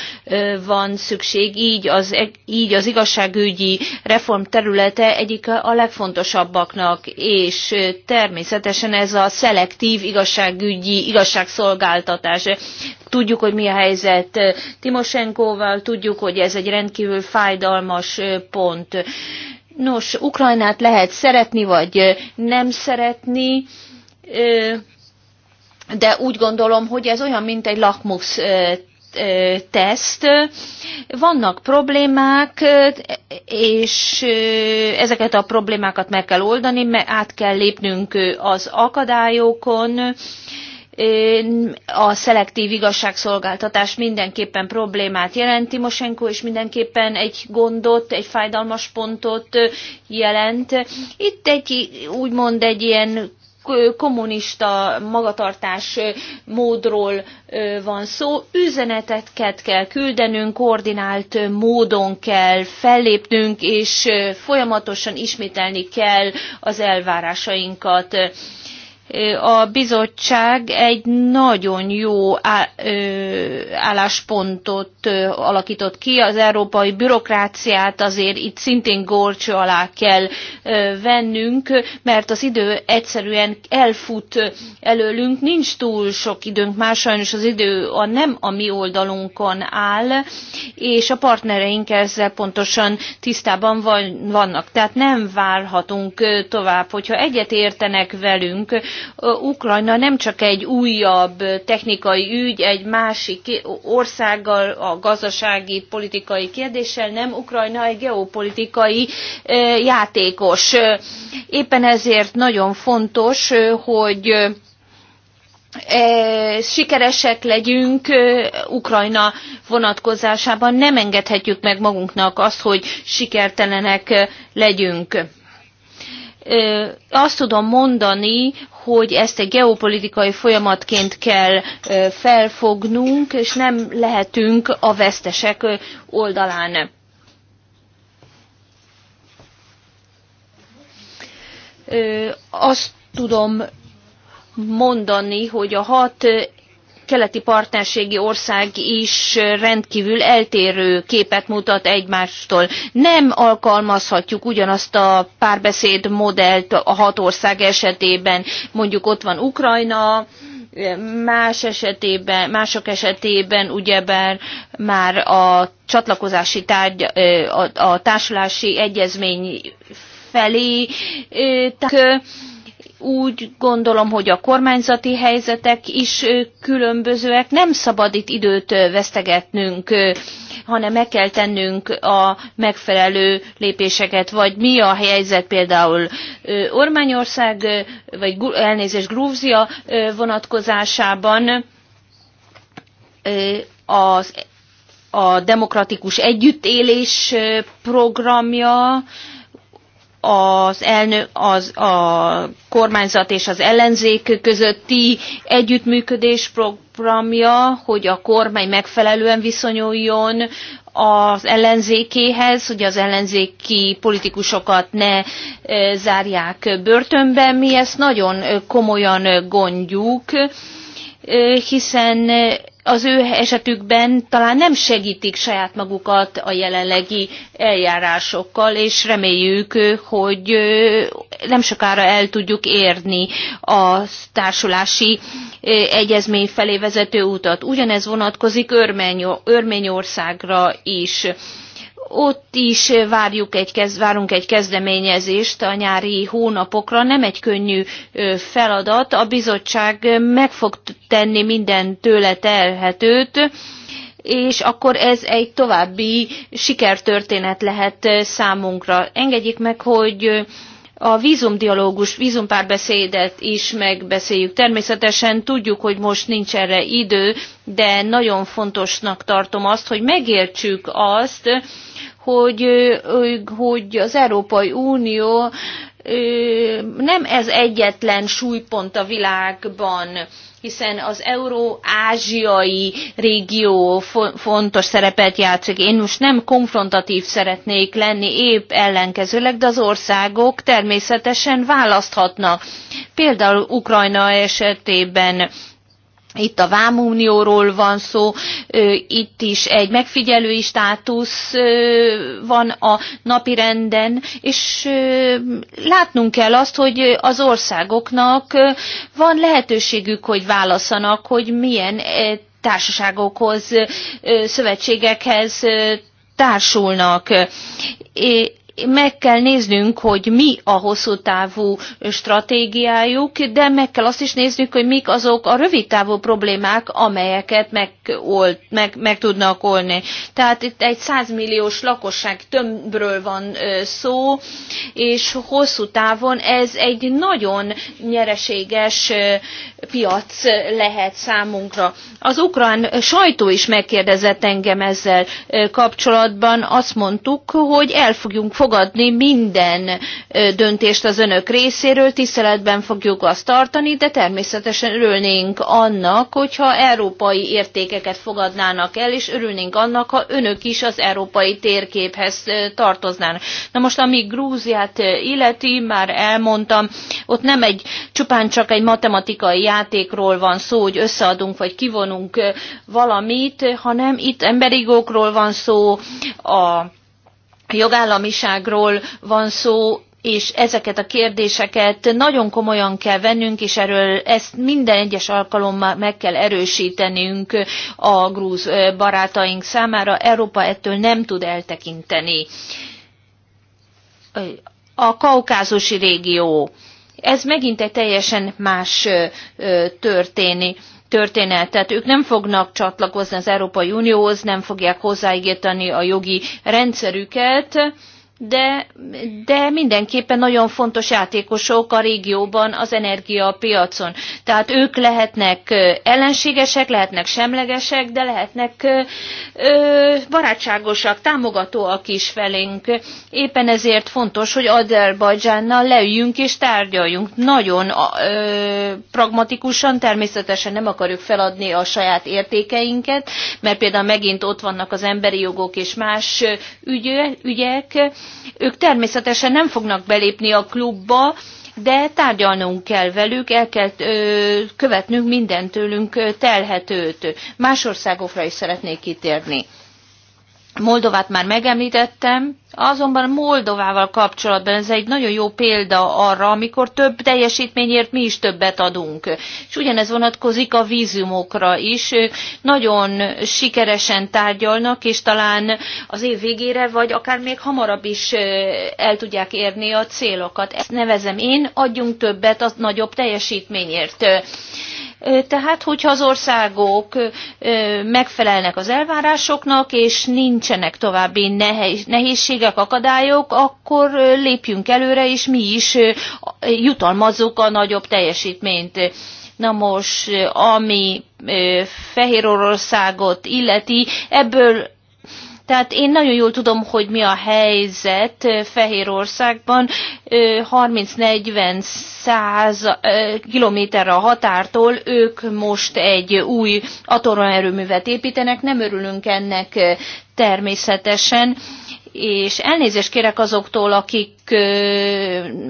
van szükség. Így az, e-, így az igazságügyi reform területe egyik a legfontosabbaknak, és természetesen ez a szelektív igazságügyi igazságszolgáltatás. Tudjuk, hogy mi a helyzet Timosenkóval, tudjuk, hogy ez egy rendkívül fájdalmas pont. Nos, Ukrajnát lehet szeretni, vagy nem szeretni, de úgy gondolom, hogy ez olyan, mint egy lakmusz teszt. Vannak problémák, és ezeket a problémákat meg kell oldani, mert át kell lépnünk az akadályokon, a szelektív igazságszolgáltatás mindenképpen problémát jelent. Mosenko és mindenképpen egy gondot, egy fájdalmas pontot jelent. Itt egy úgymond egy ilyen kommunista magatartás módról van szó. Üzeneteket kell küldenünk, koordinált módon kell fellépnünk, és folyamatosan ismételni kell az elvárásainkat a bizottság egy nagyon jó álláspontot alakított ki. Az európai bürokráciát azért itt szintén górcső alá kell vennünk, mert az idő egyszerűen elfut előlünk, nincs túl sok időnk már, sajnos az idő a nem a mi oldalunkon áll, és a partnereink ezzel pontosan tisztában vannak. Tehát nem várhatunk tovább, hogyha egyet értenek velünk, Ukrajna nem csak egy újabb technikai ügy, egy másik országgal, a gazdasági, politikai kérdéssel, nem Ukrajna egy geopolitikai játékos. Éppen ezért nagyon fontos, hogy e, sikeresek legyünk Ukrajna vonatkozásában, nem engedhetjük meg magunknak azt, hogy sikertelenek legyünk azt tudom mondani, hogy ezt egy geopolitikai folyamatként kell felfognunk, és nem lehetünk a vesztesek oldalán. Azt tudom mondani, hogy a hat keleti partnerségi ország is rendkívül eltérő képet mutat egymástól. Nem alkalmazhatjuk ugyanazt a párbeszéd modellt a hat ország esetében. Mondjuk ott van Ukrajna, más esetében, mások esetében ugyebár már a csatlakozási tárgy, a, a társulási egyezmény felé, tehát úgy gondolom, hogy a kormányzati helyzetek is különbözőek. Nem szabad itt időt vesztegetnünk, hanem meg kell tennünk a megfelelő lépéseket, vagy mi a helyzet például Ormányország, vagy elnézés Grúzia vonatkozásában az, a demokratikus együttélés programja, az, elnök, az a kormányzat és az ellenzék közötti együttműködés programja, hogy a kormány megfelelően viszonyuljon az ellenzékéhez, hogy az ellenzéki politikusokat ne e, zárják börtönbe. Mi ezt nagyon e, komolyan e, gondjuk, hiszen az ő esetükben talán nem segítik saját magukat a jelenlegi eljárásokkal, és reméljük, hogy nem sokára el tudjuk érni a társulási egyezmény felé vezető utat. Ugyanez vonatkozik Örményországra is ott is várjuk egy, várunk egy kezdeményezést a nyári hónapokra. Nem egy könnyű feladat. A bizottság meg fog tenni minden tőle telhetőt, és akkor ez egy további sikertörténet lehet számunkra. Engedjék meg, hogy a vzumdialógus vízumpárbeszédet is megbeszéljük. Természetesen tudjuk, hogy most nincs erre idő, de nagyon fontosnak tartom azt, hogy megértsük azt, hogy, hogy az Európai Unió nem ez egyetlen súlypont a világban, hiszen az euró-ázsiai régió fontos szerepet játszik. Én most nem konfrontatív szeretnék lenni, épp ellenkezőleg, de az országok természetesen választhatnak. Például Ukrajna esetében itt a Vámunióról van szó, itt is egy megfigyelői státusz van a napi renden, és látnunk kell azt, hogy az országoknak van lehetőségük, hogy válaszanak, hogy milyen társaságokhoz, szövetségekhez társulnak meg kell néznünk, hogy mi a hosszú távú stratégiájuk, de meg kell azt is néznünk, hogy mik azok a rövid távú problémák, amelyeket meg, old, meg, meg tudnak olni. Tehát itt egy 100 milliós lakosság tömbről van szó, és hosszú távon ez egy nagyon nyereséges piac lehet számunkra. Az ukrán sajtó is megkérdezett engem ezzel kapcsolatban, azt mondtuk, hogy el fogjunk fogadni minden döntést az önök részéről, tiszteletben fogjuk azt tartani, de természetesen örülnénk annak, hogyha európai értékeket fogadnának el, és örülnénk annak, ha önök is az európai térképhez tartoznának. Na most, ami Grúziát illeti, már elmondtam, ott nem egy csupán csak egy matematikai játékról van szó, hogy összeadunk vagy kivonunk valamit, hanem itt emberi van szó, a jogállamiságról van szó, és ezeket a kérdéseket nagyon komolyan kell vennünk, és erről ezt minden egyes alkalommal meg kell erősítenünk a grúz barátaink számára. Európa ettől nem tud eltekinteni. A kaukázusi régió. Ez megint egy teljesen más történik történet. Tehát ők nem fognak csatlakozni az Európai Unióhoz, nem fogják hozzáigítani a jogi rendszerüket, de, de mindenképpen nagyon fontos játékosok a régióban az energiapiacon. Tehát ők lehetnek ellenségesek, lehetnek semlegesek, de lehetnek ö, barátságosak, támogatóak is felénk. Éppen ezért fontos, hogy Azerbajdzsánnal leüljünk és tárgyaljunk. Nagyon ö, pragmatikusan, természetesen nem akarjuk feladni a saját értékeinket, mert például megint ott vannak az emberi jogok és más ügyek, ők természetesen nem fognak belépni a klubba, de tárgyalnunk kell velük, el kell ö, követnünk mindentőlünk telhetőt. Más országokra is szeretnék kitérni. Moldovát már megemlítettem, azonban Moldovával kapcsolatban ez egy nagyon jó példa arra, amikor több teljesítményért mi is többet adunk. És ugyanez vonatkozik a vízumokra is. Ők nagyon sikeresen tárgyalnak, és talán az év végére, vagy akár még hamarabb is el tudják érni a célokat. Ezt nevezem én, adjunk többet a nagyobb teljesítményért. Tehát, hogyha az országok megfelelnek az elvárásoknak, és nincsenek további nehézségek, akadályok, akkor lépjünk előre, és mi is jutalmazzuk a nagyobb teljesítményt. Na most, ami Oroszágot illeti, ebből tehát én nagyon jól tudom, hogy mi a helyzet Fehérországban, 30-40 kilométerre a határtól ők most egy új atomerőművet építenek, nem örülünk ennek természetesen és elnézést kérek azoktól, akik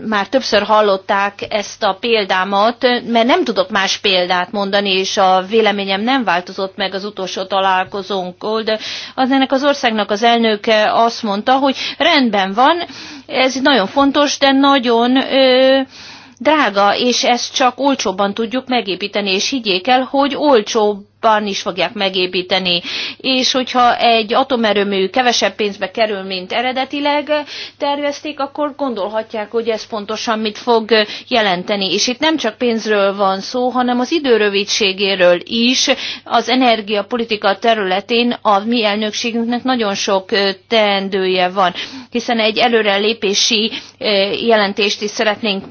már többször hallották ezt a példámat, mert nem tudok más példát mondani, és a véleményem nem változott meg az utolsó találkozónkkal, de az ennek az országnak az elnöke azt mondta, hogy rendben van, ez nagyon fontos, de nagyon ö, drága, és ezt csak olcsóbban tudjuk megépíteni, és higgyék el, hogy olcsóbb jobban is fogják megépíteni, és hogyha egy atomerőmű kevesebb pénzbe kerül, mint eredetileg tervezték, akkor gondolhatják, hogy ez pontosan mit fog jelenteni. És itt nem csak pénzről van szó, hanem az időrövidségéről is. Az energiapolitika területén a mi elnökségünknek nagyon sok teendője van, hiszen egy előrelépési jelentést is szeretnénk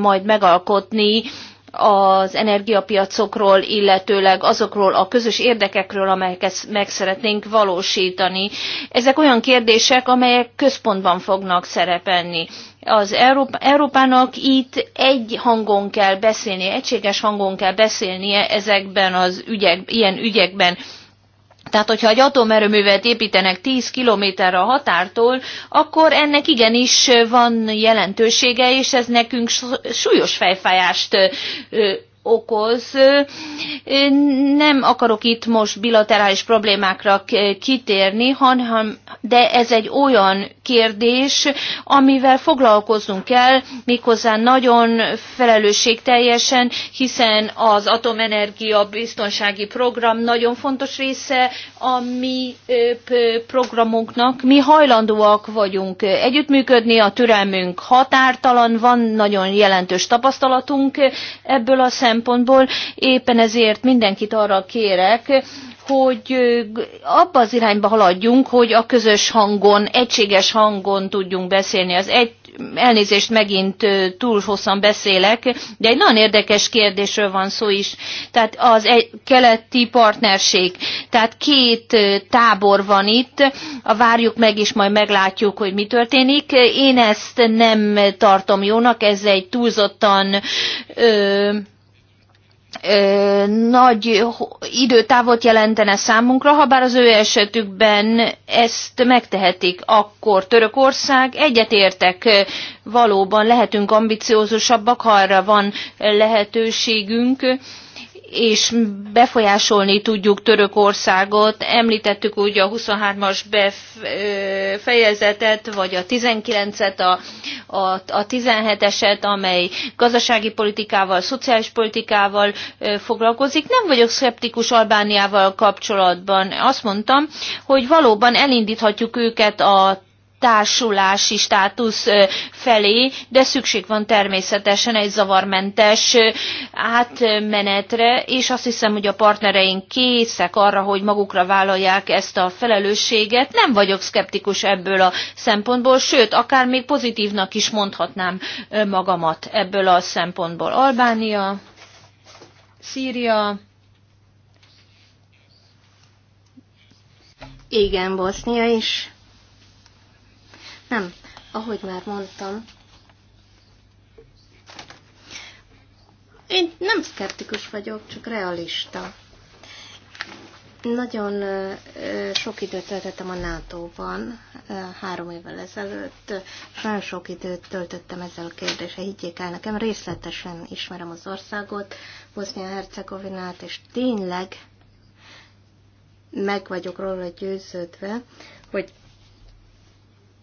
majd megalkotni, az energiapiacokról, illetőleg azokról a közös érdekekről, amelyeket meg szeretnénk valósítani. Ezek olyan kérdések, amelyek központban fognak szerepelni. Az Európa, Európának itt egy hangon kell beszélnie, egységes hangon kell beszélnie ezekben az ügyek, ilyen ügyekben tehát, hogyha egy atomerőművet építenek 10 kilométerre a határtól, akkor ennek igenis van jelentősége, és ez nekünk súlyos fejfájást okoz. Nem akarok itt most bilaterális problémákra kitérni, hanem, de ez egy olyan kérdés, amivel foglalkoznunk kell, méghozzá nagyon felelősségteljesen, hiszen az atomenergia biztonsági program nagyon fontos része a mi programunknak. Mi hajlandóak vagyunk együttműködni, a türelmünk határtalan, van nagyon jelentős tapasztalatunk ebből a szemben szempontból éppen ezért mindenkit arra kérek, hogy abba az irányba haladjunk, hogy a közös hangon, egységes hangon tudjunk beszélni. Az egy, elnézést megint túl hosszan beszélek, de egy nagyon érdekes kérdésről van szó is. Tehát az egy keleti partnerség. Tehát két tábor van itt, a várjuk meg, és majd meglátjuk, hogy mi történik. Én ezt nem tartom jónak, ez egy túlzottan ö, ö, nagy időtávot jelentene számunkra, ha bár az ő esetükben ezt megtehetik, akkor Törökország egyetértek, valóban lehetünk ambiciózusabbak, ha arra van lehetőségünk, és befolyásolni tudjuk Törökországot. Említettük ugye a 23-as fejezetet, vagy a 19-et, a, a, a 17-eset, amely gazdasági politikával, szociális politikával foglalkozik. Nem vagyok szeptikus Albániával kapcsolatban. Azt mondtam, hogy valóban elindíthatjuk őket a társulási státusz felé, de szükség van természetesen egy zavarmentes átmenetre, és azt hiszem, hogy a partnereink készek arra, hogy magukra vállalják ezt a felelősséget. Nem vagyok szkeptikus ebből a szempontból, sőt, akár még pozitívnak is mondhatnám magamat ebből a szempontból. Albánia, Szíria, igen, Bosznia is nem, ahogy már mondtam, én nem szkeptikus vagyok, csak realista. Nagyon sok időt töltöttem a NATO-ban, három évvel ezelőtt, és nagyon sok időt töltöttem ezzel a kérdéssel, higgyék el nekem, részletesen ismerem az országot, Bosznia-Hercegovinát, és tényleg meg vagyok róla győződve, hogy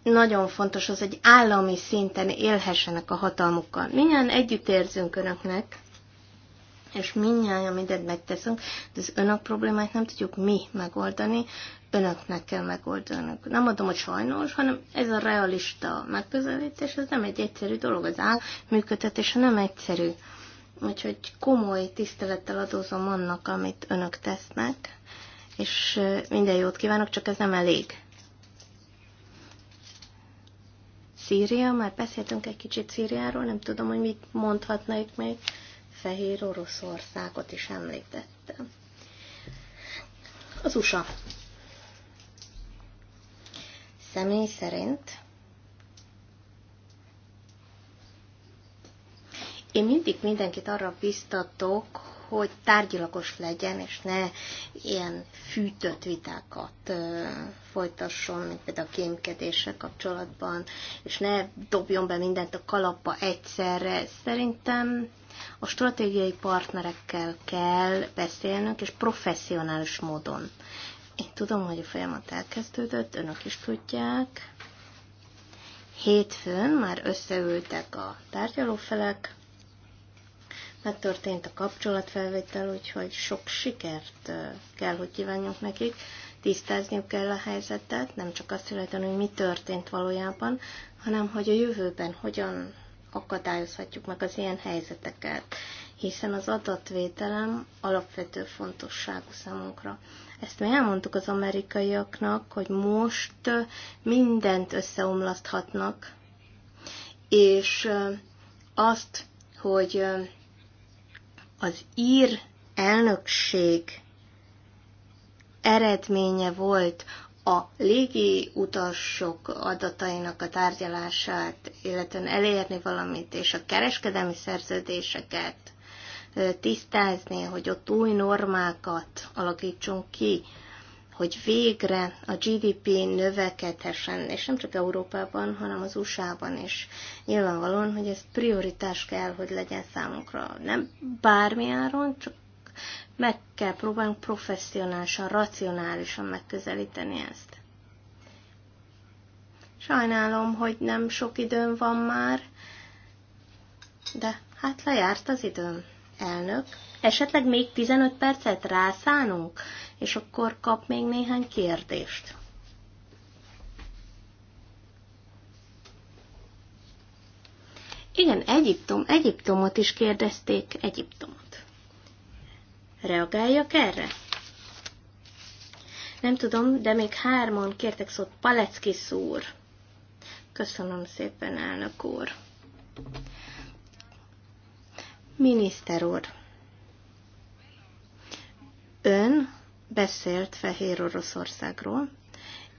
nagyon fontos az, hogy állami szinten élhessenek a hatalmukkal. Minnyáján együttérzünk önöknek, és minnyáján mindent megteszünk, de az önök problémáit nem tudjuk mi megoldani, önöknek kell megoldani. Nem mondom, hogy sajnos, hanem ez a realista megközelítés, ez nem egy egyszerű dolog, az áll működtetése nem egyszerű. Úgyhogy komoly tisztelettel adózom annak, amit önök tesznek, és minden jót kívánok, csak ez nem elég. Szíria, már beszéltünk egy kicsit Szíriáról, nem tudom, hogy mit mondhatna itt még. Fehér Oroszországot is említettem. Az USA. Személy szerint én mindig mindenkit arra biztatok, hogy tárgyilagos legyen, és ne ilyen fűtött vitákat folytasson, mint például a kémkedéssel kapcsolatban, és ne dobjon be mindent a kalapba egyszerre. Szerintem a stratégiai partnerekkel kell beszélnünk, és professzionális módon. Én tudom, hogy a folyamat elkezdődött, önök is tudják. Hétfőn már összeültek a tárgyalófelek, megtörtént a kapcsolatfelvétel, úgyhogy sok sikert kell, hogy kívánjunk nekik. Tisztázniuk kell a helyzetet, nem csak azt illetően, hogy mi történt valójában, hanem hogy a jövőben hogyan akadályozhatjuk meg az ilyen helyzeteket, hiszen az adatvételem alapvető fontosságú számunkra. Ezt mi elmondtuk az amerikaiaknak, hogy most mindent összeomlaszthatnak, és azt, hogy az ír elnökség eredménye volt a légi utasok adatainak a tárgyalását, illetően elérni valamit, és a kereskedelmi szerződéseket tisztázni, hogy ott új normákat alakítsunk ki, hogy végre a GDP növekedhessen, és nem csak Európában, hanem az USA-ban is. Nyilvánvalóan, hogy ez prioritás kell, hogy legyen számunkra. Nem áron, csak meg kell próbálnunk professzionálisan, racionálisan megközelíteni ezt. Sajnálom, hogy nem sok időm van már, de hát lejárt az időm. Elnök, esetleg még 15 percet rászánunk? és akkor kap még néhány kérdést. Igen, Egyiptom, Egyiptomot is kérdezték, Egyiptomot. Reagáljak erre? Nem tudom, de még hárman kértek szót. Palecki szúr. Köszönöm szépen, elnök úr. Miniszter úr. Ön beszélt Fehér Oroszországról,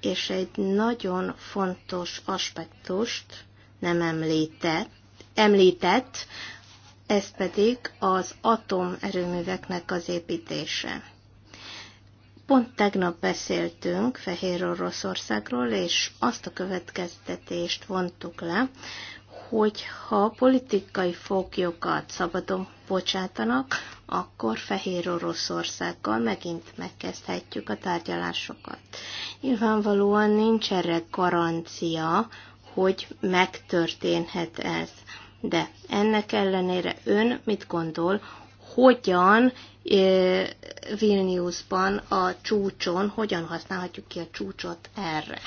és egy nagyon fontos aspektust nem említett, említett ez pedig az atomerőműveknek az építése. Pont tegnap beszéltünk Fehér Oroszországról, és azt a következtetést vontuk le, hogy ha politikai foglyokat szabadon bocsátanak, akkor Fehér Oroszországgal megint megkezdhetjük a tárgyalásokat. Nyilvánvalóan nincs erre garancia, hogy megtörténhet ez. De ennek ellenére ön mit gondol, hogyan Vilniusban a csúcson, hogyan használhatjuk ki a csúcsot erre?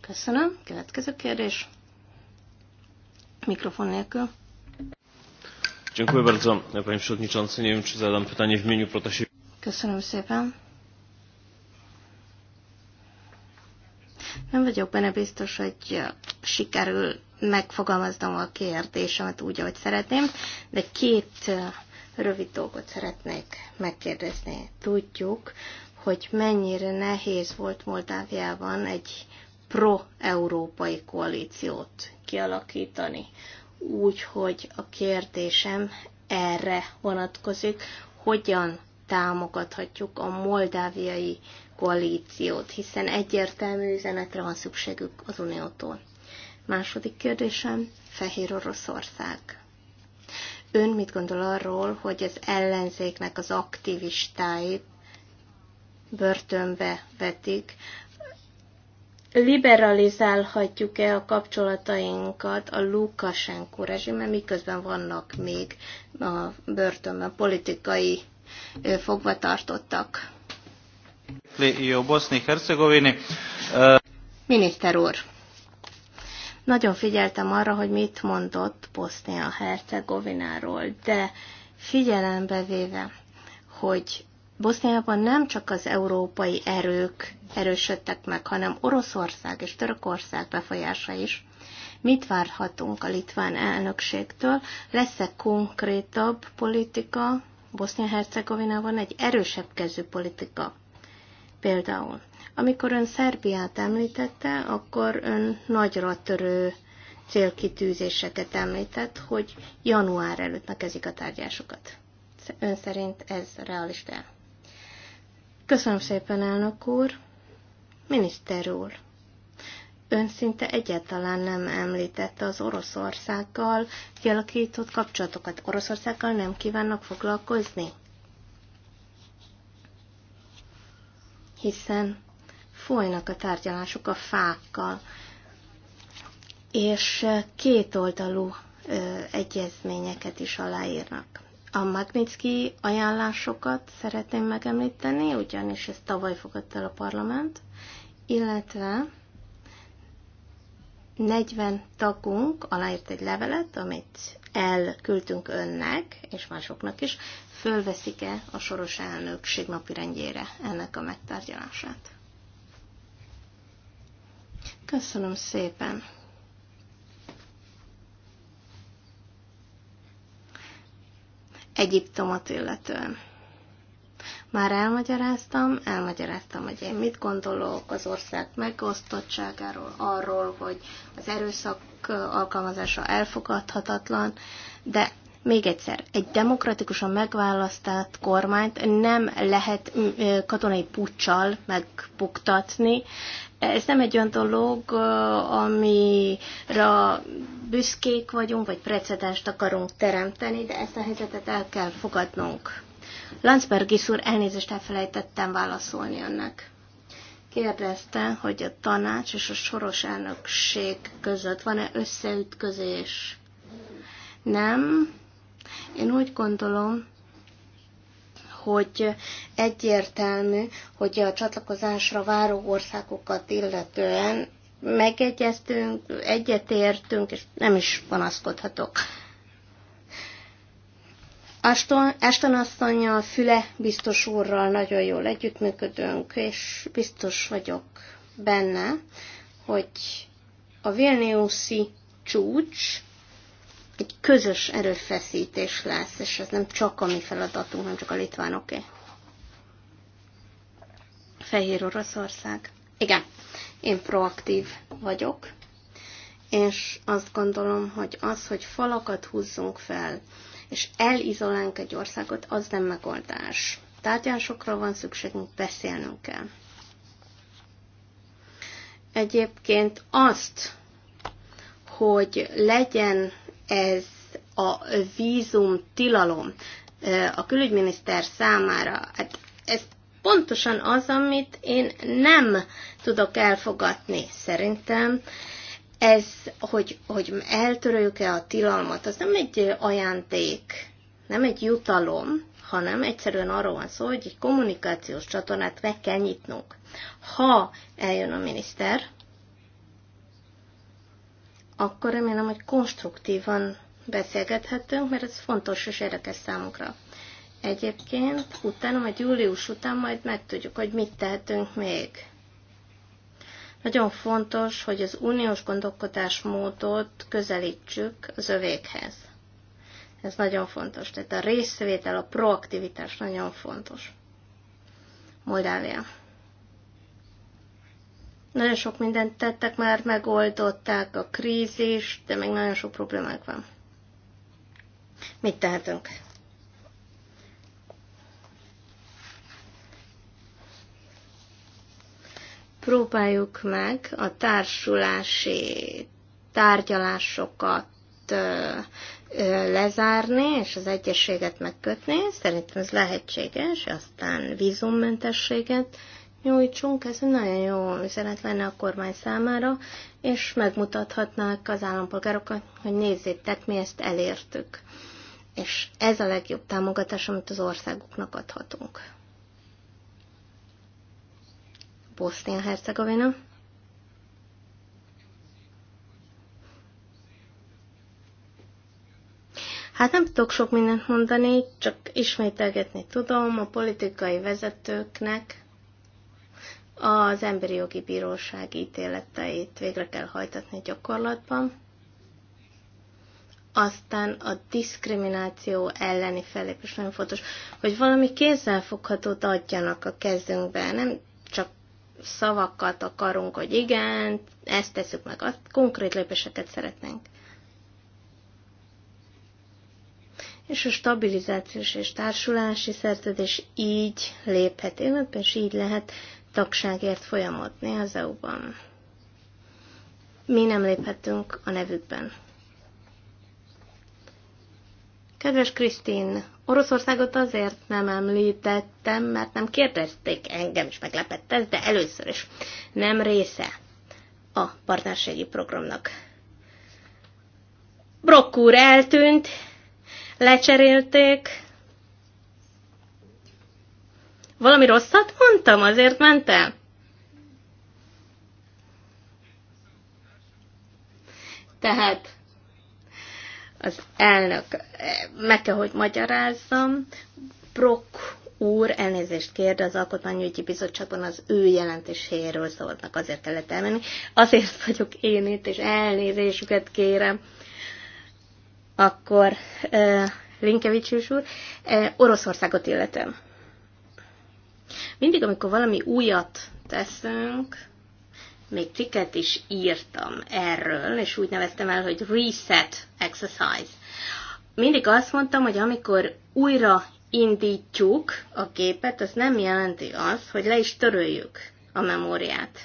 Köszönöm. Következő kérdés. Mikrofon nélkül. Dziękuję bardzo, panie przewodniczący. Nie wiem, czy zadam pytanie w imieniu Protasie. Köszönöm szépen. Nem vagyok benne biztos, hogy e, sikerül megfogalmaznom a kérdésemet úgy, ahogy szeretném, de két e, rövid dolgot szeretnék megkérdezni. Tudjuk, hogy mennyire nehéz volt Moldáviában egy pro-európai koalíciót kialakítani. Úgyhogy a kérdésem erre vonatkozik, hogyan támogathatjuk a moldáviai koalíciót, hiszen egyértelmű üzenetre van szükségük az Uniótól. Második kérdésem, Fehér Oroszország. Ön mit gondol arról, hogy az ellenzéknek az aktivistáit börtönbe vetik liberalizálhatjuk-e a kapcsolatainkat a Lukasenko rezsimmel, miközben vannak még a börtönben politikai fogvatartottak. Jó, Bosznia-Hercegovini. Miniszter úr, nagyon figyeltem arra, hogy mit mondott Bosznia-Hercegovináról, de figyelembe véve, hogy Boszniában nem csak az európai erők erősödtek meg, hanem Oroszország és Törökország befolyása is. Mit várhatunk a litván elnökségtől? Lesz-e konkrétabb politika? Bosznia-Hercegovinában egy erősebb kezű politika. Például, amikor ön Szerbiát említette, akkor ön nagyra törő célkitűzéseket említett, hogy január előtt megkezdik a tárgyásokat. Ön szerint ez realista? Köszönöm szépen, elnök úr. Miniszter úr, ön szinte egyáltalán nem említette az Oroszországgal kialakított kapcsolatokat. Oroszországgal nem kívánnak foglalkozni? Hiszen folynak a tárgyalások a fákkal, és kétoldalú egyezményeket is aláírnak. A Magnitsky ajánlásokat szeretném megemlíteni, ugyanis ezt tavaly fogadta el a parlament, illetve 40 tagunk aláírt egy levelet, amit elküldtünk önnek és másoknak is, fölveszik-e a soros elnökség napirendjére ennek a megtárgyalását. Köszönöm szépen! Egyiptomot illetően. Már elmagyaráztam, elmagyaráztam, hogy én mit gondolok az ország megosztottságáról, arról, hogy az erőszak alkalmazása elfogadhatatlan, de még egyszer, egy demokratikusan megválasztott kormányt nem lehet katonai puccsal megbuktatni. Ez nem egy olyan dolog, amire büszkék vagyunk, vagy precedenst akarunk teremteni, de ezt a helyzetet el kell fogadnunk. Landsbergis úr, elnézést elfelejtettem válaszolni önnek kérdezte, hogy a tanács és a soros elnökség között van-e összeütközés. Nem, én úgy gondolom, hogy egyértelmű, hogy a csatlakozásra váró országokat illetően megegyeztünk, egyetértünk, és nem is panaszkodhatok. Aston, asszony a Füle biztos úrral nagyon jól együttműködünk, és biztos vagyok benne, hogy a Vilniuszi csúcs egy közös erőfeszítés lesz, és ez nem csak a mi feladatunk, nem csak a litvánoké. Fehér Oroszország. Igen, én proaktív vagyok, és azt gondolom, hogy az, hogy falakat húzzunk fel, és elizolánk egy országot, az nem megoldás. Tárgyalásokra van szükségünk, beszélnünk kell. Egyébként azt, hogy legyen ez a vízum tilalom a külügyminiszter számára, hát ez pontosan az, amit én nem tudok elfogadni. Szerintem ez, hogy, hogy eltöröljük-e a tilalmat, az nem egy ajándék, nem egy jutalom, hanem egyszerűen arról van szó, hogy egy kommunikációs csatornát meg kell nyitnunk. Ha eljön a miniszter, akkor remélem, hogy konstruktívan beszélgethetünk, mert ez fontos és érdekes számunkra. Egyébként utána, majd július után majd megtudjuk, hogy mit tehetünk még. Nagyon fontos, hogy az uniós gondolkodásmódot közelítsük az övékhez. Ez nagyon fontos. Tehát a részvétel, a proaktivitás nagyon fontos. Moldávia. Nagyon sok mindent tettek már, megoldották a krízist, de még nagyon sok problémák van. Mit tehetünk? Próbáljuk meg a társulási tárgyalásokat lezárni, és az egyességet megkötni. Szerintem ez lehetséges, aztán vízummentességet nyújtsunk, ez nagyon jó üzenet lenne a kormány számára, és megmutathatnák az állampolgárokat, hogy nézzétek, mi ezt elértük. És ez a legjobb támogatás, amit az országuknak adhatunk. Bosznia-Hercegovina. Hát nem tudok sok mindent mondani, csak ismételgetni tudom a politikai vezetőknek, az Emberi Jogi Bíróság ítéleteit végre kell hajtatni gyakorlatban, aztán a diszkrimináció elleni fellépés nagyon fontos, hogy valami kézzelfoghatót adjanak a kezünkbe, nem csak szavakat akarunk, hogy igen, ezt teszük meg, azt konkrét lépéseket szeretnénk. És a stabilizációs és társulási szerződés így léphet életben, és így lehet tagságért folyamodni az EU-ban. Mi nem léphetünk a nevükben. Kedves Krisztin, Oroszországot azért nem említettem, mert nem kérdezték, engem is meglepett ez, de először is nem része a partnerségi programnak. Brokkúr eltűnt, lecserélték, valami rosszat mondtam, azért ment el? Tehát az elnök, meg kell, hogy magyarázzam, Brock úr elnézést kér, de az Alkotmányügyi Bizottságban az ő jelentéséről szólnak, azért kellett elmenni. Azért vagyok én itt, és elnézésüket kérem. Akkor uh, Linkevics úr, uh, Oroszországot illetem. Mindig, amikor valami újat teszünk, még cikket is írtam erről, és úgy neveztem el, hogy reset exercise. Mindig azt mondtam, hogy amikor újra indítjuk a gépet, az nem jelenti azt, hogy le is töröljük a memóriát.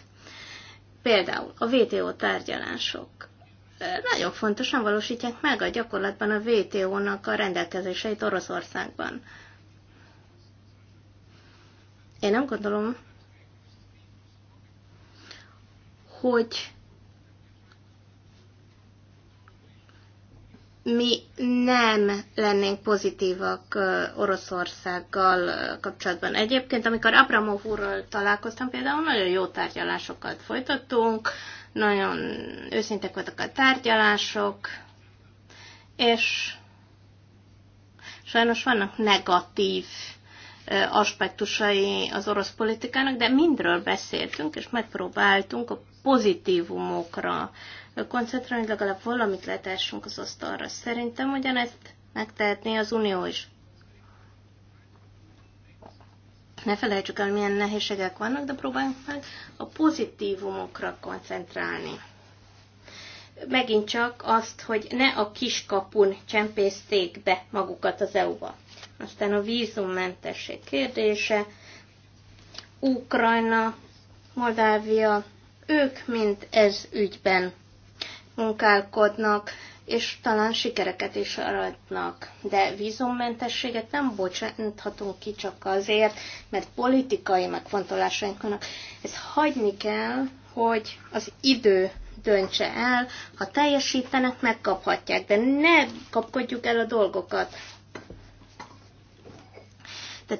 Például a VTO tárgyalások nagyon fontosan valósítják meg a gyakorlatban a VTO-nak a rendelkezéseit Oroszországban. Én nem gondolom, hogy mi nem lennénk pozitívak Oroszországgal kapcsolatban. Egyébként, amikor Abramov úrral találkoztam, például nagyon jó tárgyalásokat folytattunk, nagyon őszintek voltak a tárgyalások, és sajnos vannak negatív aspektusai az orosz politikának, de mindről beszéltünk, és megpróbáltunk a pozitívumokra koncentrálni, legalább valamit letessünk az asztalra. Szerintem ugyanezt megtehetné az Unió is. Ne felejtsük el, milyen nehézségek vannak, de próbáljunk meg a pozitívumokra koncentrálni. Megint csak azt, hogy ne a kiskapun csempészték be magukat az EU-ba. Aztán a vízummentesség kérdése, Ukrajna, Moldávia, ők mind ez ügyben munkálkodnak, és talán sikereket is aratnak. De vízummentességet nem bocsánthatunk ki csak azért, mert politikai megfontolásaink vannak. Ezt hagyni kell, hogy az idő döntse el, ha teljesítenek, megkaphatják, de ne kapkodjuk el a dolgokat.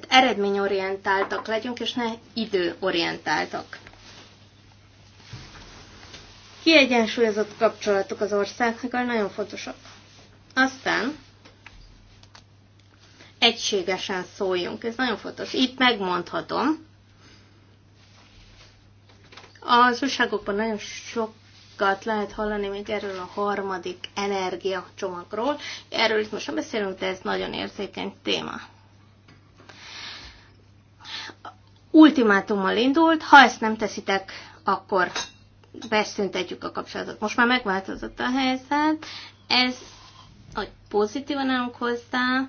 Tehát eredményorientáltak legyünk, és ne időorientáltak. Kiegyensúlyozott kapcsolatok az országnak nagyon fontosak. Aztán egységesen szóljunk. Ez nagyon fontos. Itt megmondhatom. Az újságokban nagyon sokat lehet hallani még erről a harmadik energiacsomagról. Erről itt most nem beszélünk, de ez nagyon érzékeny téma. ultimátummal indult, ha ezt nem teszitek, akkor beszüntetjük a kapcsolatot. Most már megváltozott a helyzet, ez, hogy pozitívan állunk hozzá,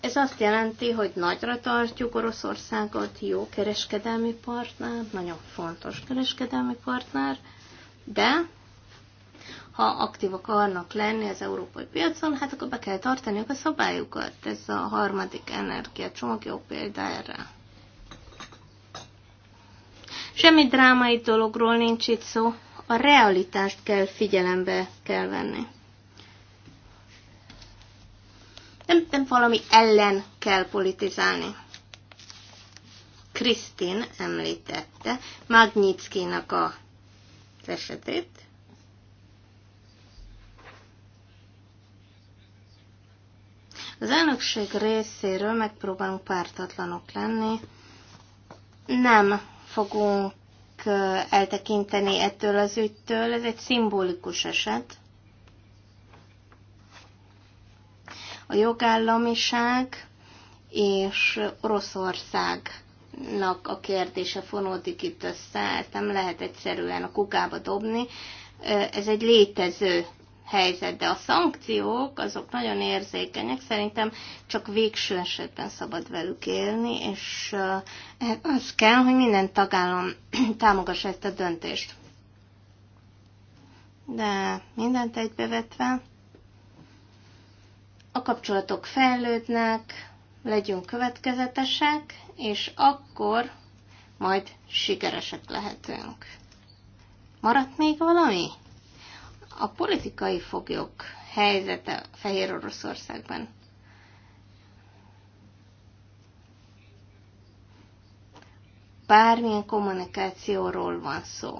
ez azt jelenti, hogy nagyra tartjuk Oroszországot, jó kereskedelmi partner, nagyon fontos kereskedelmi partner, de ha aktívak akarnak lenni az európai piacon, hát akkor be kell tartaniuk a szabályukat. Ez a harmadik energiacsomag jó példa erre. Semmi drámai dologról nincs itt szó, a realitást kell figyelembe kell venni. Nem, nem valami ellen kell politizálni. Krisztin említette Magnitsky-nak a esetét. Az elnökség részéről megpróbálunk pártatlanok lenni. Nem fogunk eltekinteni ettől az ügytől. Ez egy szimbolikus eset. A jogállamiság és Oroszországnak a kérdése fonódik itt össze, ezt nem lehet egyszerűen a kukába dobni. Ez egy létező helyzet, de a szankciók azok nagyon érzékenyek, szerintem csak végső esetben szabad velük élni, és eh, az kell, hogy minden tagállam (clears throat) támogassa ezt a döntést. De mindent egybevetve, a kapcsolatok fejlődnek, legyünk következetesek, és akkor majd sikeresek lehetünk. Maradt még valami? a politikai foglyok helyzete Fehér Oroszországban. Bármilyen kommunikációról van szó,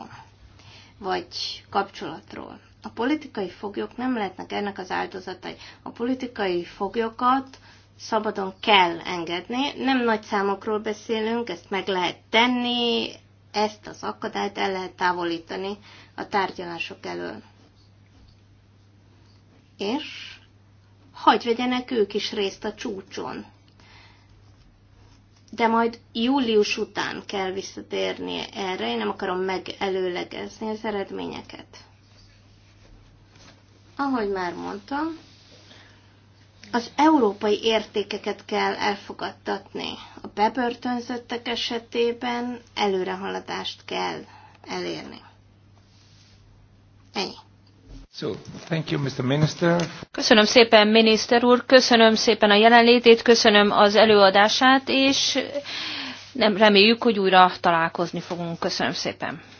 vagy kapcsolatról. A politikai foglyok nem lehetnek ennek az áldozatai. A politikai foglyokat szabadon kell engedni. Nem nagy számokról beszélünk, ezt meg lehet tenni, ezt az akadályt el lehet távolítani a tárgyalások elől és hagy vegyenek ők is részt a csúcson. De majd július után kell visszatérni erre, én nem akarom megelőlegezni az eredményeket. Ahogy már mondtam, az európai értékeket kell elfogadtatni. A bebörtönzöttek esetében előrehaladást kell elérni. Ennyi. Köszönöm szépen, miniszter úr, köszönöm szépen a jelenlétét, köszönöm az előadását, és nem reméljük, hogy újra találkozni fogunk. Köszönöm szépen.